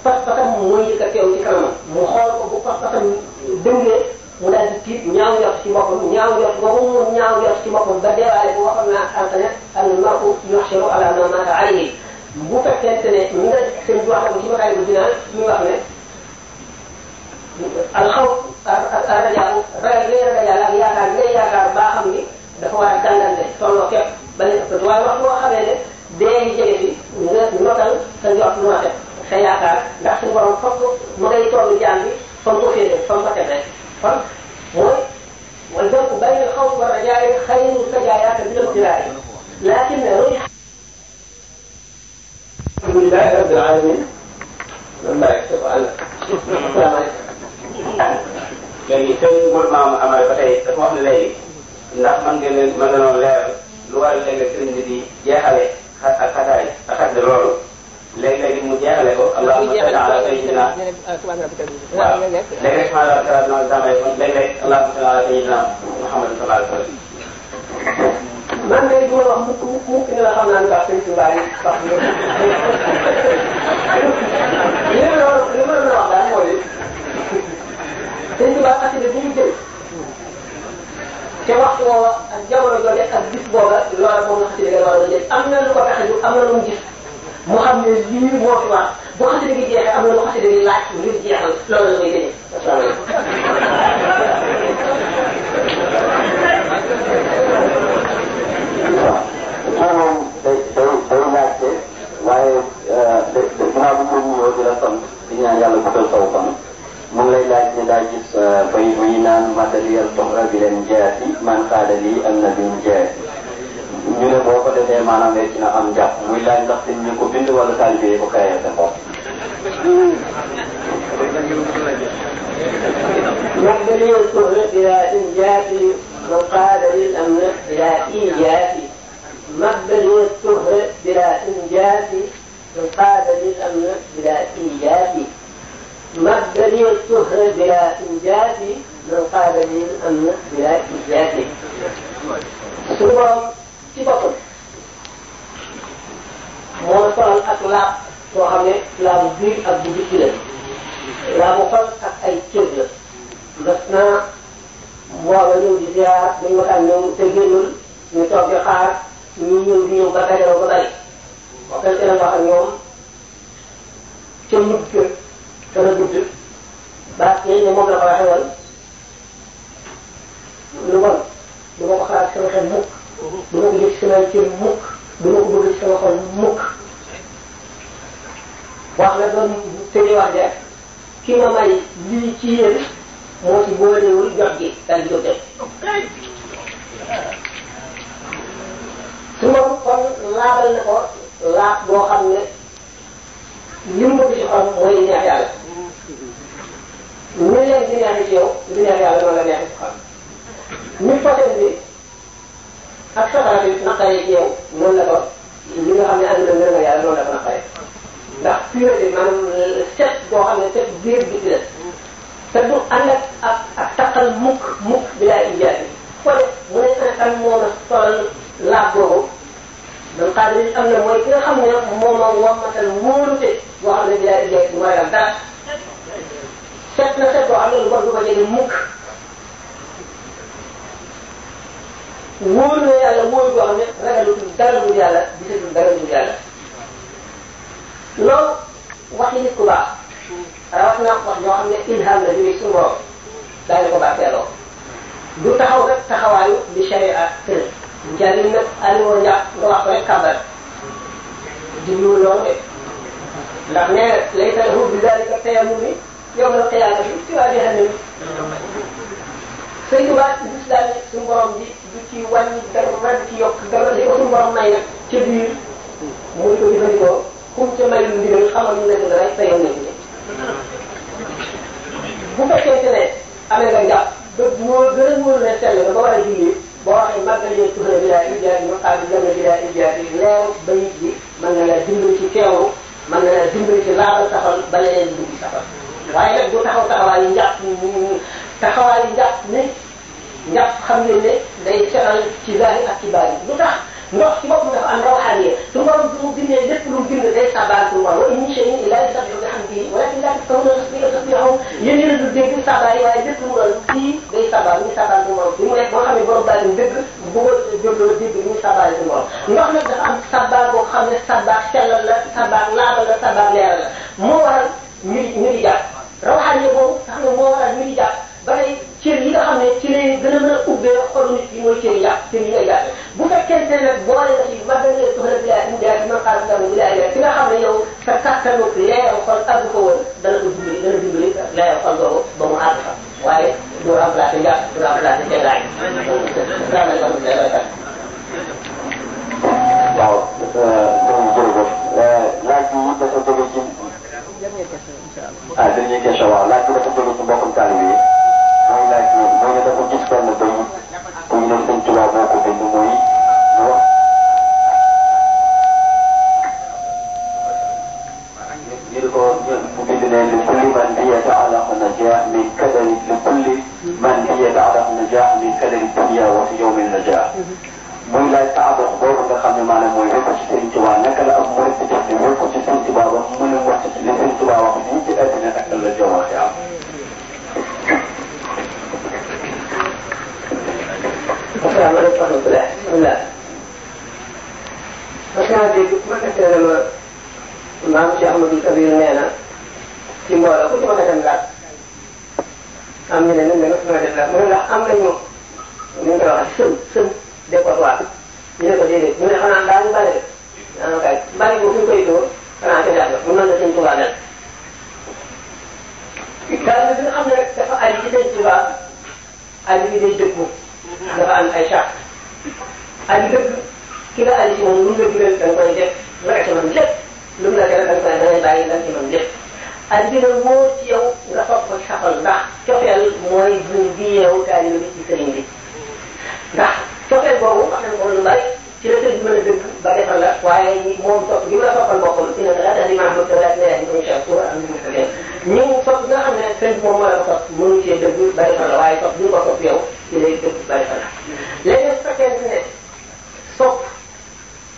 pas-pasam mooy yëkka teew ci kanamam mu xool ko bu pas-pasam dëngee mu daal di tiit ñaaw njort ci boppam ñaaw njort boobu mu ñaaw njort ci boppam ba deewaale bu waxoon naa alkane al mar'u yuhsharu ala ma mata alayhi bu fekkente ne ñu nga sëñ bi wax na ko ci mataay bu dinaa ñu wax ne alxaw arrajaaru ragal ngay ragal yàlla ak yaakaar ngay yaakaar baa xam ni dafa war a dangante tolloo képp ba ne ëpp waaye wax boo xamee ne bee jege fi nga notal sa njort lu rafet sa yaakaar ndax suñu borom fokk mu ngay toll jaam bi fa mu ko féete fa mu ko teg rek kon mooy والفرق بين الخوف والرجاء خير التجاهلات بالاختلاف لكن رجح الحمد لله رب العالمين لما يكتب على السلام عليكم léegi sëñ Gour maam Amady ba tey dafa wax ne léegi ndax man ngeen leen mën na noonu leer lu waral léegi sëriñ bi di jeexale xataay xataay loolu léeg-léegi mu jeexale ko. allahumma salli ala sayyidina waaw léeg-léeg maa la waxee noonu damay kon léeg-léeg allahumma salli ala sayyidina Muhammad sallallahu alayhi wa sallam. man de du ma wax mukk mukk mukk ni la xam naa ne waa Sëñ Tuubaa yi sax nga. li ma doon li ma doon wax daal mooy Sëñ Tuubaa xasida bu ñu jël te waxtu woowa ak jamono jooju ak bis booba loola moom la xasida nga war a jël am na lu ko tax ñu am na lu mu gis mu xam ne lii moo fi wax bu xasida gi jeexee am na lu xasida gi laaj ngir jeexal loolu la koy jëlee waaw moom day day day laajte waaye euh, ginnaaw bi ñu ngi ñëw di la sant di ñaan yàlla bu dal saw fan mu ngi lay laaj ne daa gis bay euh, bay naan mataliyal toxra bi leen jaati man xaada lii am na bi jaati ñu ne boo ko defee maanaam rek dina am jàpp muy laaj ndax si ñu ko bind wala taalibe yi ko kaayee sa bopp. mataliyal toxra bi laa in jaati man xaada lii am na laa ii jaati mataliyal toxra bi laa in jaati man xaada lii am na laa ii jaati ما الدليل السخر بلا إنجاز من قال من أن بلا إنجاز ثم في بطل مرسل الأطلاق لا مدير أبو بكلا لا مقل أي كبلا لسنا موالون جزيار من مكان من تجنل من توقيقات من يوديو بكاجر وقضاي وكالتنا بها اليوم تنبكر dana gudd baat yooyu su ma kon laabal na ko laab boo xam ne li mu bëgg ci xol mooy neex yàlla ñu leen di ñaan yow di ñaan yàlla wala neex xam ñu foteel bi ak safara bi naqaree ci yow noonu la ko li nga xam ne ànd na ngërëm yàlla noonu la ko naqaree ndax purée bi maanaam set boo xam ne set biir bi ci la te du ànd ak ak ak taqal mukk mukk bi laa ijaat bi fole mu ne ana kan moo ma solal laab boobu dan xaadir am na mooy ki nga xam ne moom a wammatal wóorute boo xam ne bi laa ijaat bi mooy dara set na set boo xam ne lu war du ko jege mukk wóor na yàlla wóor boo xam ne ragalutul dara lu yàlla gisatul dara lu yàlla loolu wax yi nit ku baax rawat na wax ñoo xam ne ilham la jóge suñu borom daal ko bàkkeeloo du taxaw rek taxawaayu di sharia tëre njariñ nag aliwoo njàpp nga wax ko rek kàmbal di loolu loolu de ndax nee na lay sa lahu bi dalika tayamumi يوم القيامة شفت هذه النبي سيد بات الإسلام سنبرم دي بكي وان درد كي يوك درد كي سنبرم ماينا كبير موتو دي فريقو كم تمالي من دي خمال من دي رأي أن نبي بو فكي تنين أمريكا جاء بب مول بلد مول نسل لما بوا رجي بوا رجي مدل يتوه لبلا إجاري مقابل لما بلا إجاري لاو بيدي من لا دمري كي كيو من لا دمري كي لا بل سخل بل يجب سخل waaye nag boo taxaw taxawaayu njàpp taxawaayu njàpp ne njàpp xam ngeen ne day setal ci zaahir ak ci baali lu tax ndox ci boppam dafa am rawaxaan yee su borom bi mu bindee lépp lu mu bind day sabal pour wax wa in min shay'in illa yusabbihu bihamdihi walakin la tafqahuna tasbihahum yéen yéen du dégg sabaar yi waaye lépp lu mu doon kii day sabaar muy sabaar bu morom bi mu nekk boo xam ne borom baali mu dëgg bëggoon jógloo dégg muy sabaar bu morom ndox nag dafa am sabaar boo xam ne sabaar sellal la sabaar laabal la sabaar leeral la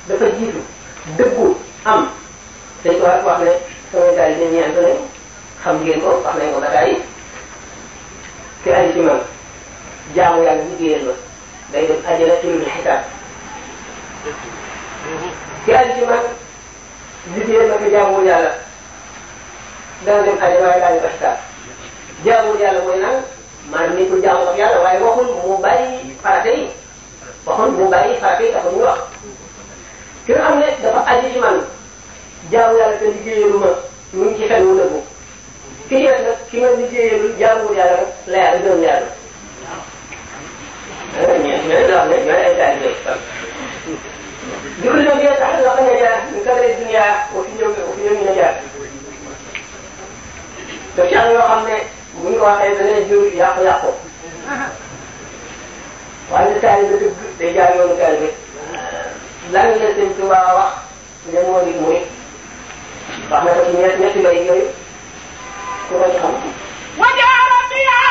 dafa jiitu dëggu am dañ wax ne sama gars yi dañuy ànd ne xam ngeen ko wax nañ ko Dakar yi te aju ci man jaamu yàlla liggéeyal ma day def àjjana ci lu xisaab te aju ci man liggéeyal ma ko jaamu yàlla dana dem àjjana waaye daañu ko xisaab jaamu yàlla mooy lan maanaam ni ko jaamu ak yàlla waaye waxul mu bàyyi farata yi waxul mu bàyyi farata yi ki nga xam ne dafa aju ci man jaamu yàlla te liggéeyalu ma mu ngi ci xel wu nëbbu ki ci nag ki nga liggéeyalu jaamuwul yàlla nag la yàlla gërëm yàlla. waaw ñooñu ñooñu la wax ne ñooñu ay taalibe ذكر الذين تحلق النجاة من كدر الدنيا وفي اليوم وفي يوم النجاة daf ci am yoo xam ne bu ñu ko waxee dana jur yàqu-yàqu waaye taalibe dëgg day jaar yoonu taalibe lan la sëñ Tuubaa wax lan moo di murit wax na ko ci ñett ñetti bay yooyu ku ko ci xam wajaal biya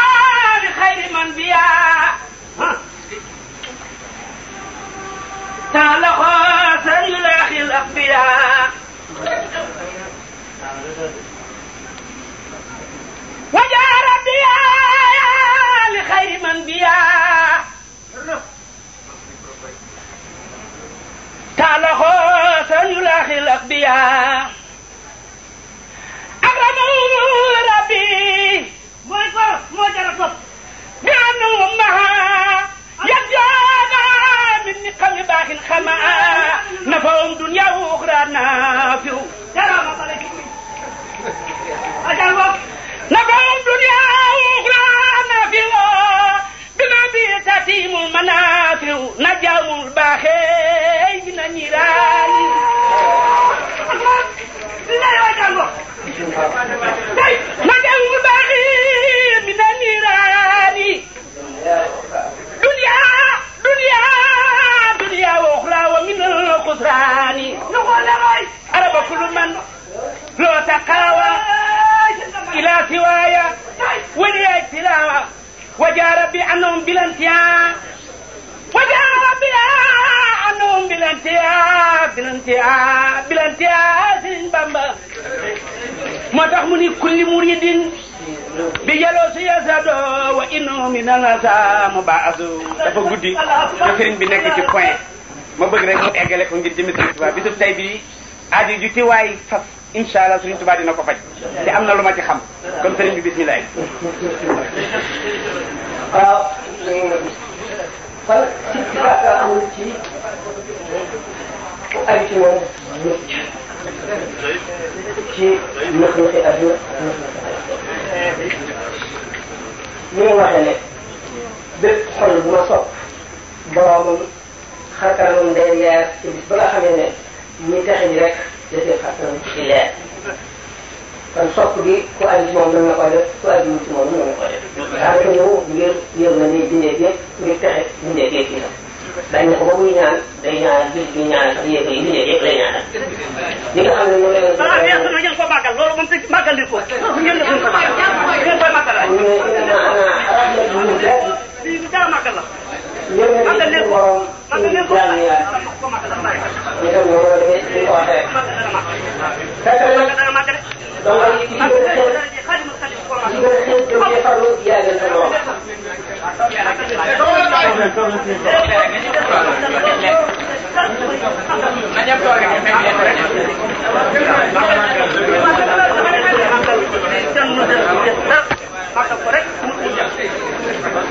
bi xayri man biya taalaxo sa yulaaxil akbiya وجاء ربي لخير من بيا تعالى غوثا يلاخي الأقبياء أكرمه ربي موجر موجر بأنه أمها يدعونا من نقم باخ خماء نفهم دنيا وأخرى نافع نفهم دنيا وأخرى نافع كما تتيم المنافع نجم الباخي من النيران نجم الباخي من النيران دنيا دنيا دنيا أخرى ومن الخسران أرب كل من لو تقاوى إلى سوايا ولي تلاوة وجاء ربي أنهم بلا انتهاء وجاء ربي أنهم بلا انتهاء بلا انتهاء بلا انتهاء سيرين بامبا ما تخمني كل مريد bijalo si yasa do wa inno mi nana sa mu baasu dafa guddi da sëriñ bi nekk ci point ma bëgg rek mu eggale ko ngir jëmi sëriñ Tuubaa bisu tey bi aji ju tiwaay fas ان شاء الله سيرين تبادي نكو فاج تي امنا لوما تي خام كون بسم الله ولكن يجب ان يكون هناك افضل من اجل ان يكون هناك افضل من اجل ان هناك افضل من اجل هناك افضل من اجل هناك افضل من اجل هناك افضل من اجل هناك افضل من اجل هناك افضل من اجل هناك افضل من اجل هناك افضل من اجل هناك افضل من اجل هناك افضل من اجل هناك افضل من اجل هناك افضل من اجل هناك افضل من هناك افضل من اجل ان يكون jëfee xasam ci leer kon sopp gi ku aju ci moom mën na ko def ku aju ci moom mën na ko def daanaka ñëw ngir yëg na ni bindee géej ngir texe bindee géej gi nag dañ ne ko ba muy ñaan day ñaanal bi bi ñaanal sax yéeg yi bindee géej lay ñaanal li nga xam ne moom la ngeen ko màggal loolu moom si màggal li ko ngeen ko màggal ngeen koy màggal la ñu ne ana arab la ñu yéen a ngi borom suñu jaam yi la ñu dem ñu war a demee suñu ootee. fekk nag donc li gën a xeet li gën a xeet jëm ci farlu yàggal sa borom. Thank you. Jumlah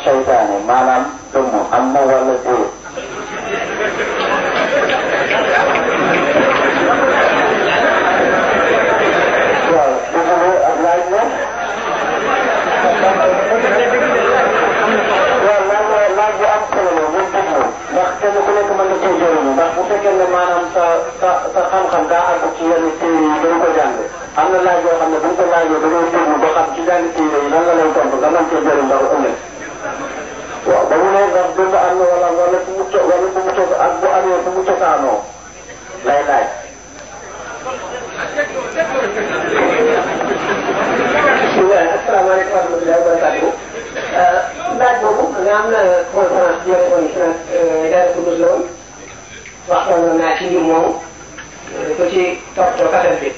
syaitan malam Jumlah amma waladul kenn ku nekk mën na cee jëriñu ndax bu fekkee ne maanaam sa sa sa xam-xam daa àgg ci yenn téere yi dañ ko jàng am na laaj yoo xam ne buñ ko laajee dañoo déglu ba xam ci jàng téere yi lan nga lay tontu nga mën cee jëriñ ndax ëllëg waaw ba mu ne ndax dund am na wala wala bu mu wala bu mu cos ak bu amee bu mu cosaanoo lay laaj asalaamaaleykum wa rahmatulah wa barakatuh بعد ما بكرة نعمل كونفرنس ديال كونفرنس إدارة المزلون waxtaan naa ci mbir moomu ko ci toppatoo kafem bi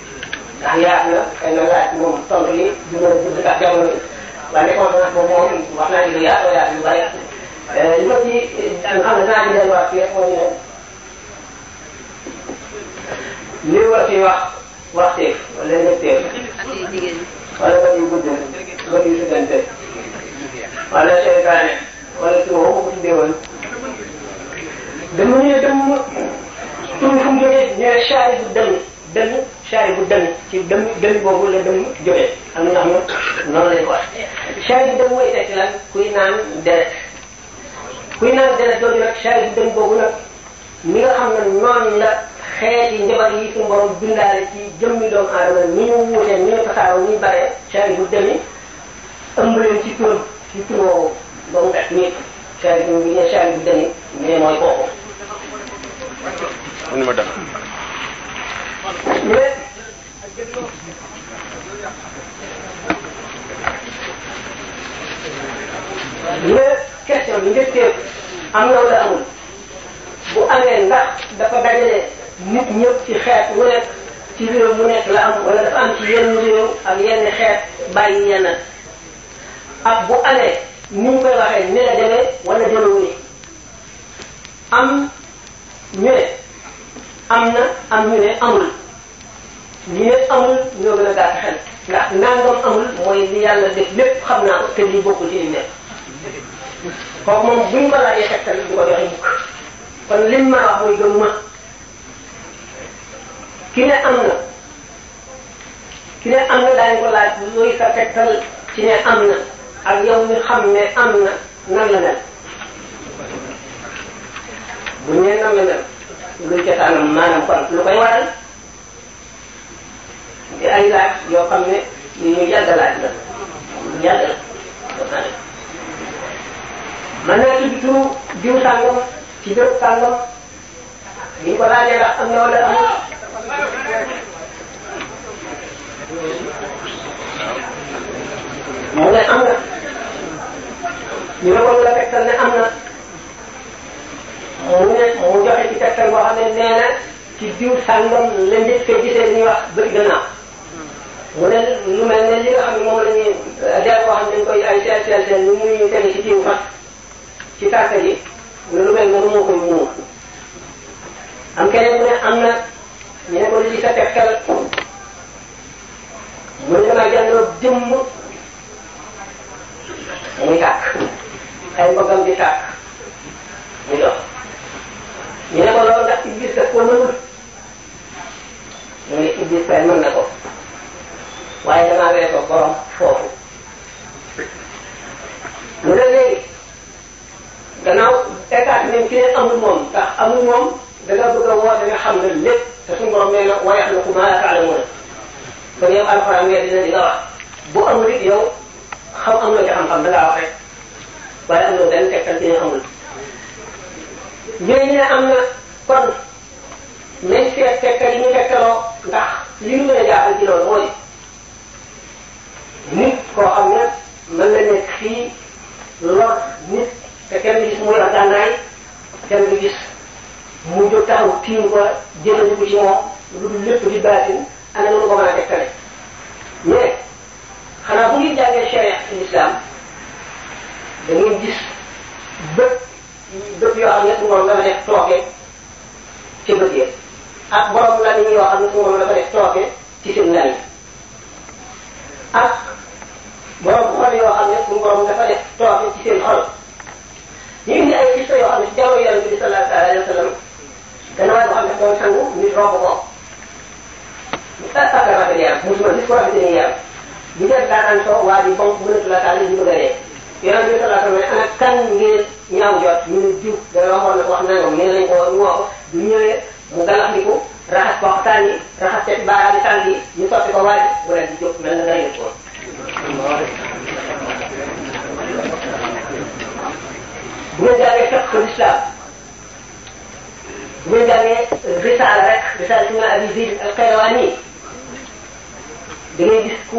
ndax yaat na xëy na laaj moom tontu li du mën a gudd ak jamono bi waaye ne conférence boobu moom wax naa ni lu yaatoo yaat lu bari li ma ci xam ne naa ci delluwaat fii rek mooy ne li war fi wax wax teef wala nekk teef wala ba ñu gudd ba ñu sutante wala seytaane wala ci woowu buñ deewoon dama ñu ne dem tur fu mu jógee ñu ne chaari bu dem dem chaari bu dem ci dem dem boobu la dem jógee am na nga xam ne noonu lañ ko wax chaari bu dem mooy tekki lan kuy naan deret kuy naan deret jooju nag chaari bu dem boobu nag mi nga xam ne noonu la xeeti njabar yi suñu borom bindaale ci jëmmi doomu aadama ni ñu wuute ni ñu tasaaroo ni ñu bare chaari bu dem yi ëmb leen ci turam ci turoo ba mu tax nit chari bi ñu ne chari bi demee mais mooy kooku. mën ma def. mais. mais question bi njëkkee am na wala amul bu amee ndax dafa dajale nit ñëpp ci xeet wu nekk ci réew mu nekk la am wala yen am ci yenn réew ak yenn xeet bàyyi yenn. ak bu amee ni mu koy waxee ne la demee wala demee am ñu am na am ñu ne amul ñu ne amul ñoo gën a gàtt xel ndax nangam amul mooy li yàlla def lépp xam naa ko te lii bokkul ci li nekk kooku moom buñ ko laajee xettal du ko joxe kon liñ ma wax mooy gëmuma ki ne am na ki ne am na daañu ko laaj luy sa tegtal ci ne am na ak yow mi xam ne am na nan la mel bu ñu nan la mel lu cosaanam maanaam kon lu koy waral di ay laaj yoo xam ne yu ñu yàgg laaj la yàgg naa ci bitu diw ci ko laajee am na wala am na ñu ne ko lu la tegtal ne am na mu ne mu joxe ci tegtal boo xam ne nee na ci diw sàngam la njëkk a gisee li ñuy wax bëri gannaaw ne lu mel ne li nga xam ne moom la ñuy euh, def boo xam ne dañ koy ay seel seel seel lu muy tege ci diw fas ci tàkk ji mu ne lu mel noonu moo koy muur am keneen mu ne am na ñu ko li sa tegtal mu ne damaa jàngaloo jëmm muy tàkk ay mbagam di tàkk muy dox ñu ne ko loolu ndax Iblis daf ko mënul mu ne Iblis kay mën na ko waaye damaa weesoo borom foofu mu ne léegi gannaaw écart même ki ne amul moom moom da nga bëgg a xam ne lépp te suñu borom na wa yaxluqu maa laa ta'lamuun kon yow alxuraan weer dina di nga wax bu amul it yow xam am na ci xam-xam da ngaa waaye amul benn tegtal ci ne amul ñooñu ne am na kon nañ seet tegtal yi ñu tegtaloo ndax li ñu mën a jaaxal ci loolu mooy nit koo xam ne mën na nekk fii lor nit te kenn gis muy ak gànnaay kenn du gis mu jóg taxaw tiim ko jëfandiku ci moom lu dul lépp di baatin ana lu ko mën a tegtale mais xanaa bu ngi jàngee charia ci l'islam da ngay gis bët bët yoo xam ne su moom dafa def ak borom la ni yoo xam ne su moom dafa def tooke ak borom xol yoo xam ne su moom dafa def tooke ci seen xol ñu indi ay gis yoo xam ne si jamono yonente bi sallallahu alayhi wa sallam gannaaw boo xam ne doon sangu nit romb ko ak ak rafet yaram musuma gis ko di def daan soo waa ji yonent bi sallallahu alayhi wasallam ana kan ngeen ñaaw jot ñu ne diw dana waxoon nag wax nangam ngeen lañ ko woo ko du ñëwee mu galaxliku raxas ko ñu ko waaji bu di jóg mel na ngay ko bu ngeen jàngee fiqh l'islam bu ngeen jàngee risaala rek risaala si nga abi zid al qayrawani da ngay gis ku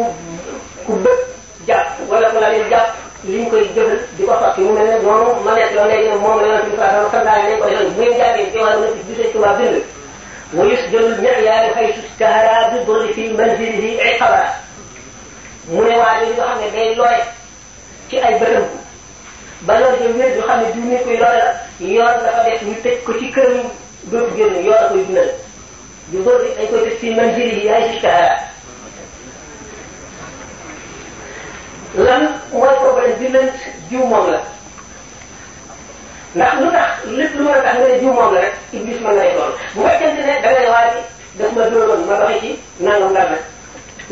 ku bëgg jàpp wala la leen liñ koy jëfal di ko sotti mu mel ne noonu ma nekk loolu léegi moom la yonent bi saa sama santaane nañ ko yoon bu ngeen jaagee ci wàllu nit bi sëñ Tuubaa bind wa yusjal mi'yaar xaysu stahara bi durri fi manzilihi iqaba mu ne waa ji nga xam ne day looy ci ay bëtam ba loolu ci wér ñu xam ne du nit koy looy la yoon dafa def ñu tëj ko ci këram dootu génn yoon a koy dundal ñu góor bi dañ koy tëj fi manzilihi xaysu stahara lan mooy problème bi lënt jiw moom la ndax lu tax lépp lu mën a tax nga ne jiw la rek iblis mën na lool bu fekkente ne da nga ne ji daf ma dóoroon ma doxee ci nangam dal nag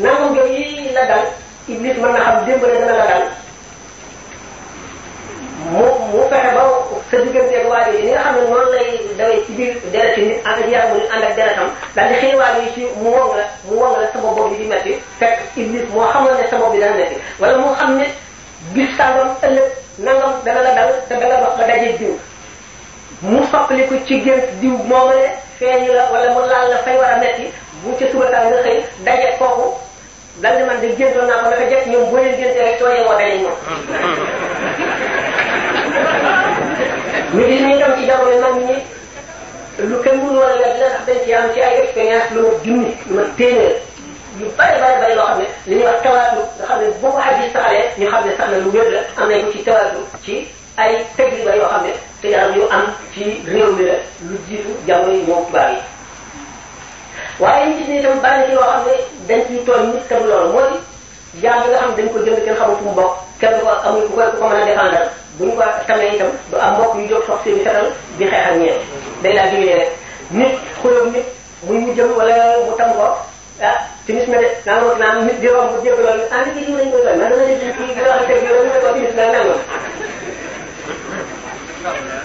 nangam yooyu la dal iblis mën na xam démb rek dana la dal mu mu fexe ba sa diggante ak waa yi li nga xam ne noonu lay dawee ci biir deret nit ak yaramu nit ànd ak deretam daal di xëy waa yi ci mu wong la mu wong la sa bopp bi di metti fekk iblis moo xamoon ne sa bopp bi dana metti wala moo xam ne bis sàngam ëllëg nangam dana la dal te dana wax ba daje diw mu soppali ko ci gént diw moomale feeñu la wala mu laal la fay war a metti bu ca suba taal nga xëy daje kooku dal di man de géntoon naa ko dafa jekk ñoom boo leen géntee rek soo yeewoo daje ñoom ñu gis ñu dem ci jamono mag ñi lu kenn mënu woon a weer dina tax dañ ci am ci ay expérience lu ma junni lu ma téeméer yu bare bare bare loo xam ne li ñuy wax tawaatu nga xam ne boo ko xaj saxalee ñu xam ne sax na lu wér la am nañ ko ci tawaatu ci ay tajriba yoo xam ne te yaram yu am ci réew mi la lu jiitu jamono yi ñoo tubaab yi waaye ñu gis ne itam bari na ci loo xam ne dañ ciy tooñ nit te loolu mooy jaam bi nga xam dañ ko jënd kenn xamul fu mu bokk kenn ko amul ku koy ku ko mën a défendre bu ñu ko tamee itam du am mbokk yu jóg sox seen fetal di xeex ak ñeent day daal diwee rek nit xulóom nit muy mu jëm wala mu tam ko ah timis na de naa nga naan nit di romb bu jégg loolu ah nit yi dañ koy doy man dama ne kii di wax teg yow ko timis na nangam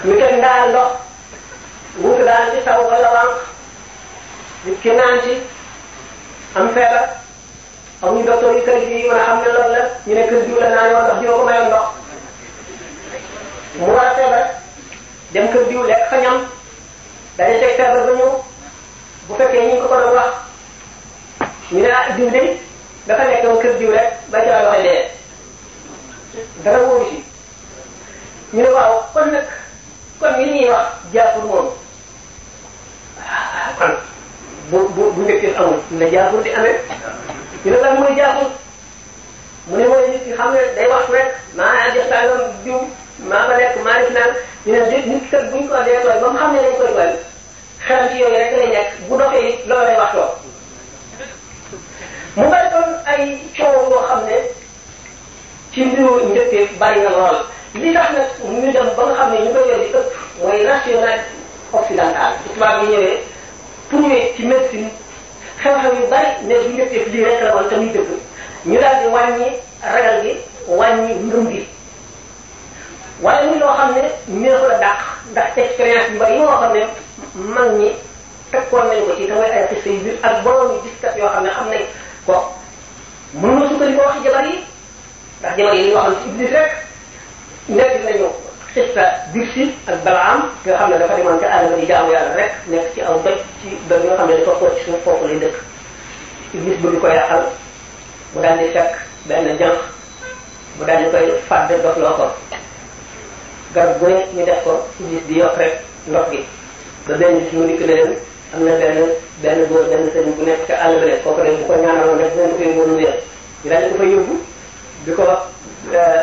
ñu teg ndaal ndox wuutu daal ci taw wala wànq nit ki naan ci am feebar amuñu docteur yi kër gi mën a xam ne loolu la ñu ne kër diw la naan yoon ndox ñoo ko mayoon ndox mu war a dem kër diw lekk fa ñam dañuy teg feebar ba ñëw bu fekkee ñu ngi ko ko doon wax ñu ne ah diw de dafa nekkoon kër diw rek ba ca loxo dee dara wóoru si ñu ne waaw kon nag kon li ñuy wax jaafur moom ah kon bu bu bu njëkk amul na jaafur di amee ñu ne lan mooy jaafur mu ne mooy nit ki xam ne day wax rek maa ngi jox saa yoon diw. maa ma nekk maa def naan ñu ne nit nit kat buñ ko dee tooy ba mu xam ne dañ koy tooy xelam ci yooyu rek lay nekk bu doxee it loolu lay wax loo mu bari doon ay coow yoo xam ne ci mbiru njëkk bari na lool li tax nag ñu dem ba nga xam ne ñu koy yor di ëpp mooy national occidental tubaab yi ñëwee pour ñëwee ci médecine xew-xew yu bari ne bu njëkk lii rek la woon te muy dëgg ñu daal di wàññi ragal gi wàññi ngëm gi waaye muy loo xam ne neexu la ndax expérience yu bari yi moo xam ne mag ñi koon nañu ko ci te mooy ay xiste yu biir ak borom yi yoo xam ne xam nañ ko mënuma sukkandikoo wax ci yi ndax jabar yi li ñu waxoon ci Iblis rek nekk xam ne dafa demoon ca Adama di jaamu yàlla rek nekk ci aw doj ci doj yoo xam ne dafa xool ci suuf foofu lay dëkk Iblis bëgg ko yàqal mu daal di fekk benn jànq mu daal di koy fàtte dox loo ko garab bu ñu def ko gis di yokk rek ndox gi ba benn ci mu dikk leen am na benn benn góor benn sëriñ bu nekk ca àll bi kooku rek bu ko ñaanaloon rek benn koy ngóor mu yël ñu daal ko fa yóbbu di ko eh,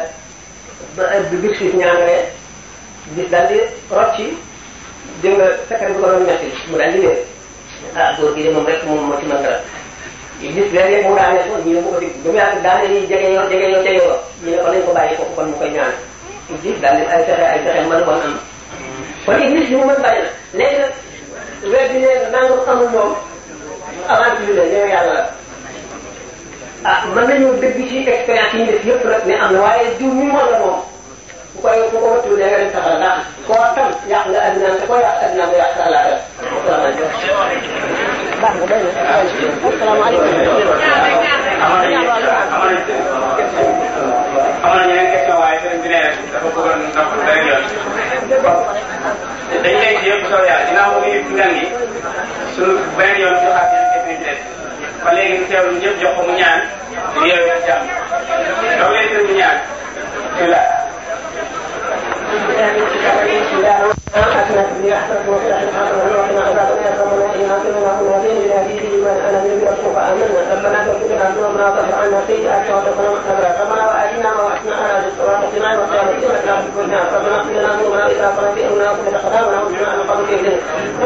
ba bi bir xiif ñaanalee gis daal di rot ci nga sakkan bi ko doon metti mu daal di leer ah góor gi de moom rek moom moo ci mën dara gis léeg-léeg mu daanee ko ñu mu ko dig ba mu yàgg daanee yi jege yoo jege yoo jege yoo ñu ko nañ ko bàyyi kooku kon mu koy ñaanal jiit daal ay fexe ay fexe mën bon am kon église li mu mën bari na léegi nag weer bi nee nangam amul moom aventure la yow yàlla ah mën nañu dëgg ci expérience yi ñu def yëpp nag ne am na waaye diw ñu mën la moom ku koy ku ko wattu ne nga dem saxal ndax koo tam yàq nga addina te koo yàq addina nga yàq sa laata baax na doy na asalaamaaleykum xamal ñeneen question waaye عن ابي بكر فامنا لما لا تكتب عنه ما ظهر عنه قيل اشهد سنه محتملا فما واهلنا واثنى على واثنى وصالحين لا تكلنا ربنا اغفر لنا ذنوبنا واسرافنا في امرنا وكل خطانا وانزلنا عن قبل اليه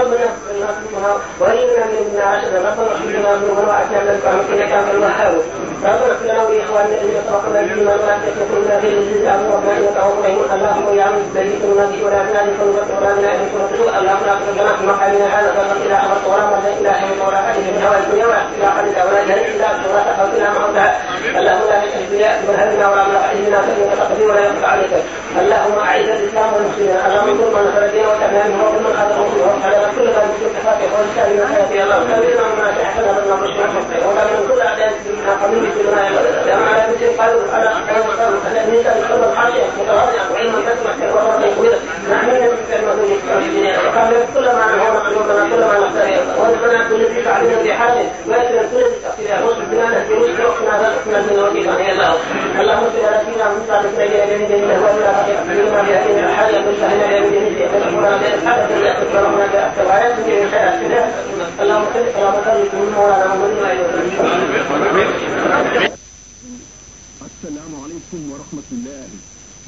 ربنا اغفر لنا ذنوبنا وارنا من النار ربنا اغفر لنا ذنوبنا واسرافنا في امرنا وكل خطانا وانزلنا عن قبل اليه فأمرت له بإخواننا أن يطرقنا به من مات يكون في الجزاء ربنا اللهم يا من بيت النبي ولا تنادي كلمة ولا من أهل كلمة اللهم لا تقدمنا في محامنا هذا فقط إلى أمرت ولا مرد إلى أهل ولا أحد من هوى الدنيا ولا إلى أحد ولا جهل إلا اللهم لا تشرك بنا من هلنا ولا من أحدنا فإنك تقضي ولا اللهم أعز الإسلام والمسلمين اللهم كل من نصر الدين وتعلم منه ومن خلقه وعلى كل من يشرك فاتحه ويسأل من حياته اللهم كبير من ما تحسن من نصر ولا من كل أعداء الدين وقال اللهم صل على محمد وعلى آله وصحبه asalaamaaleykum wa rahmatullah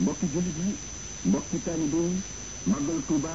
mbokki jullit yi mbokki taalibe yi màggal Tuuba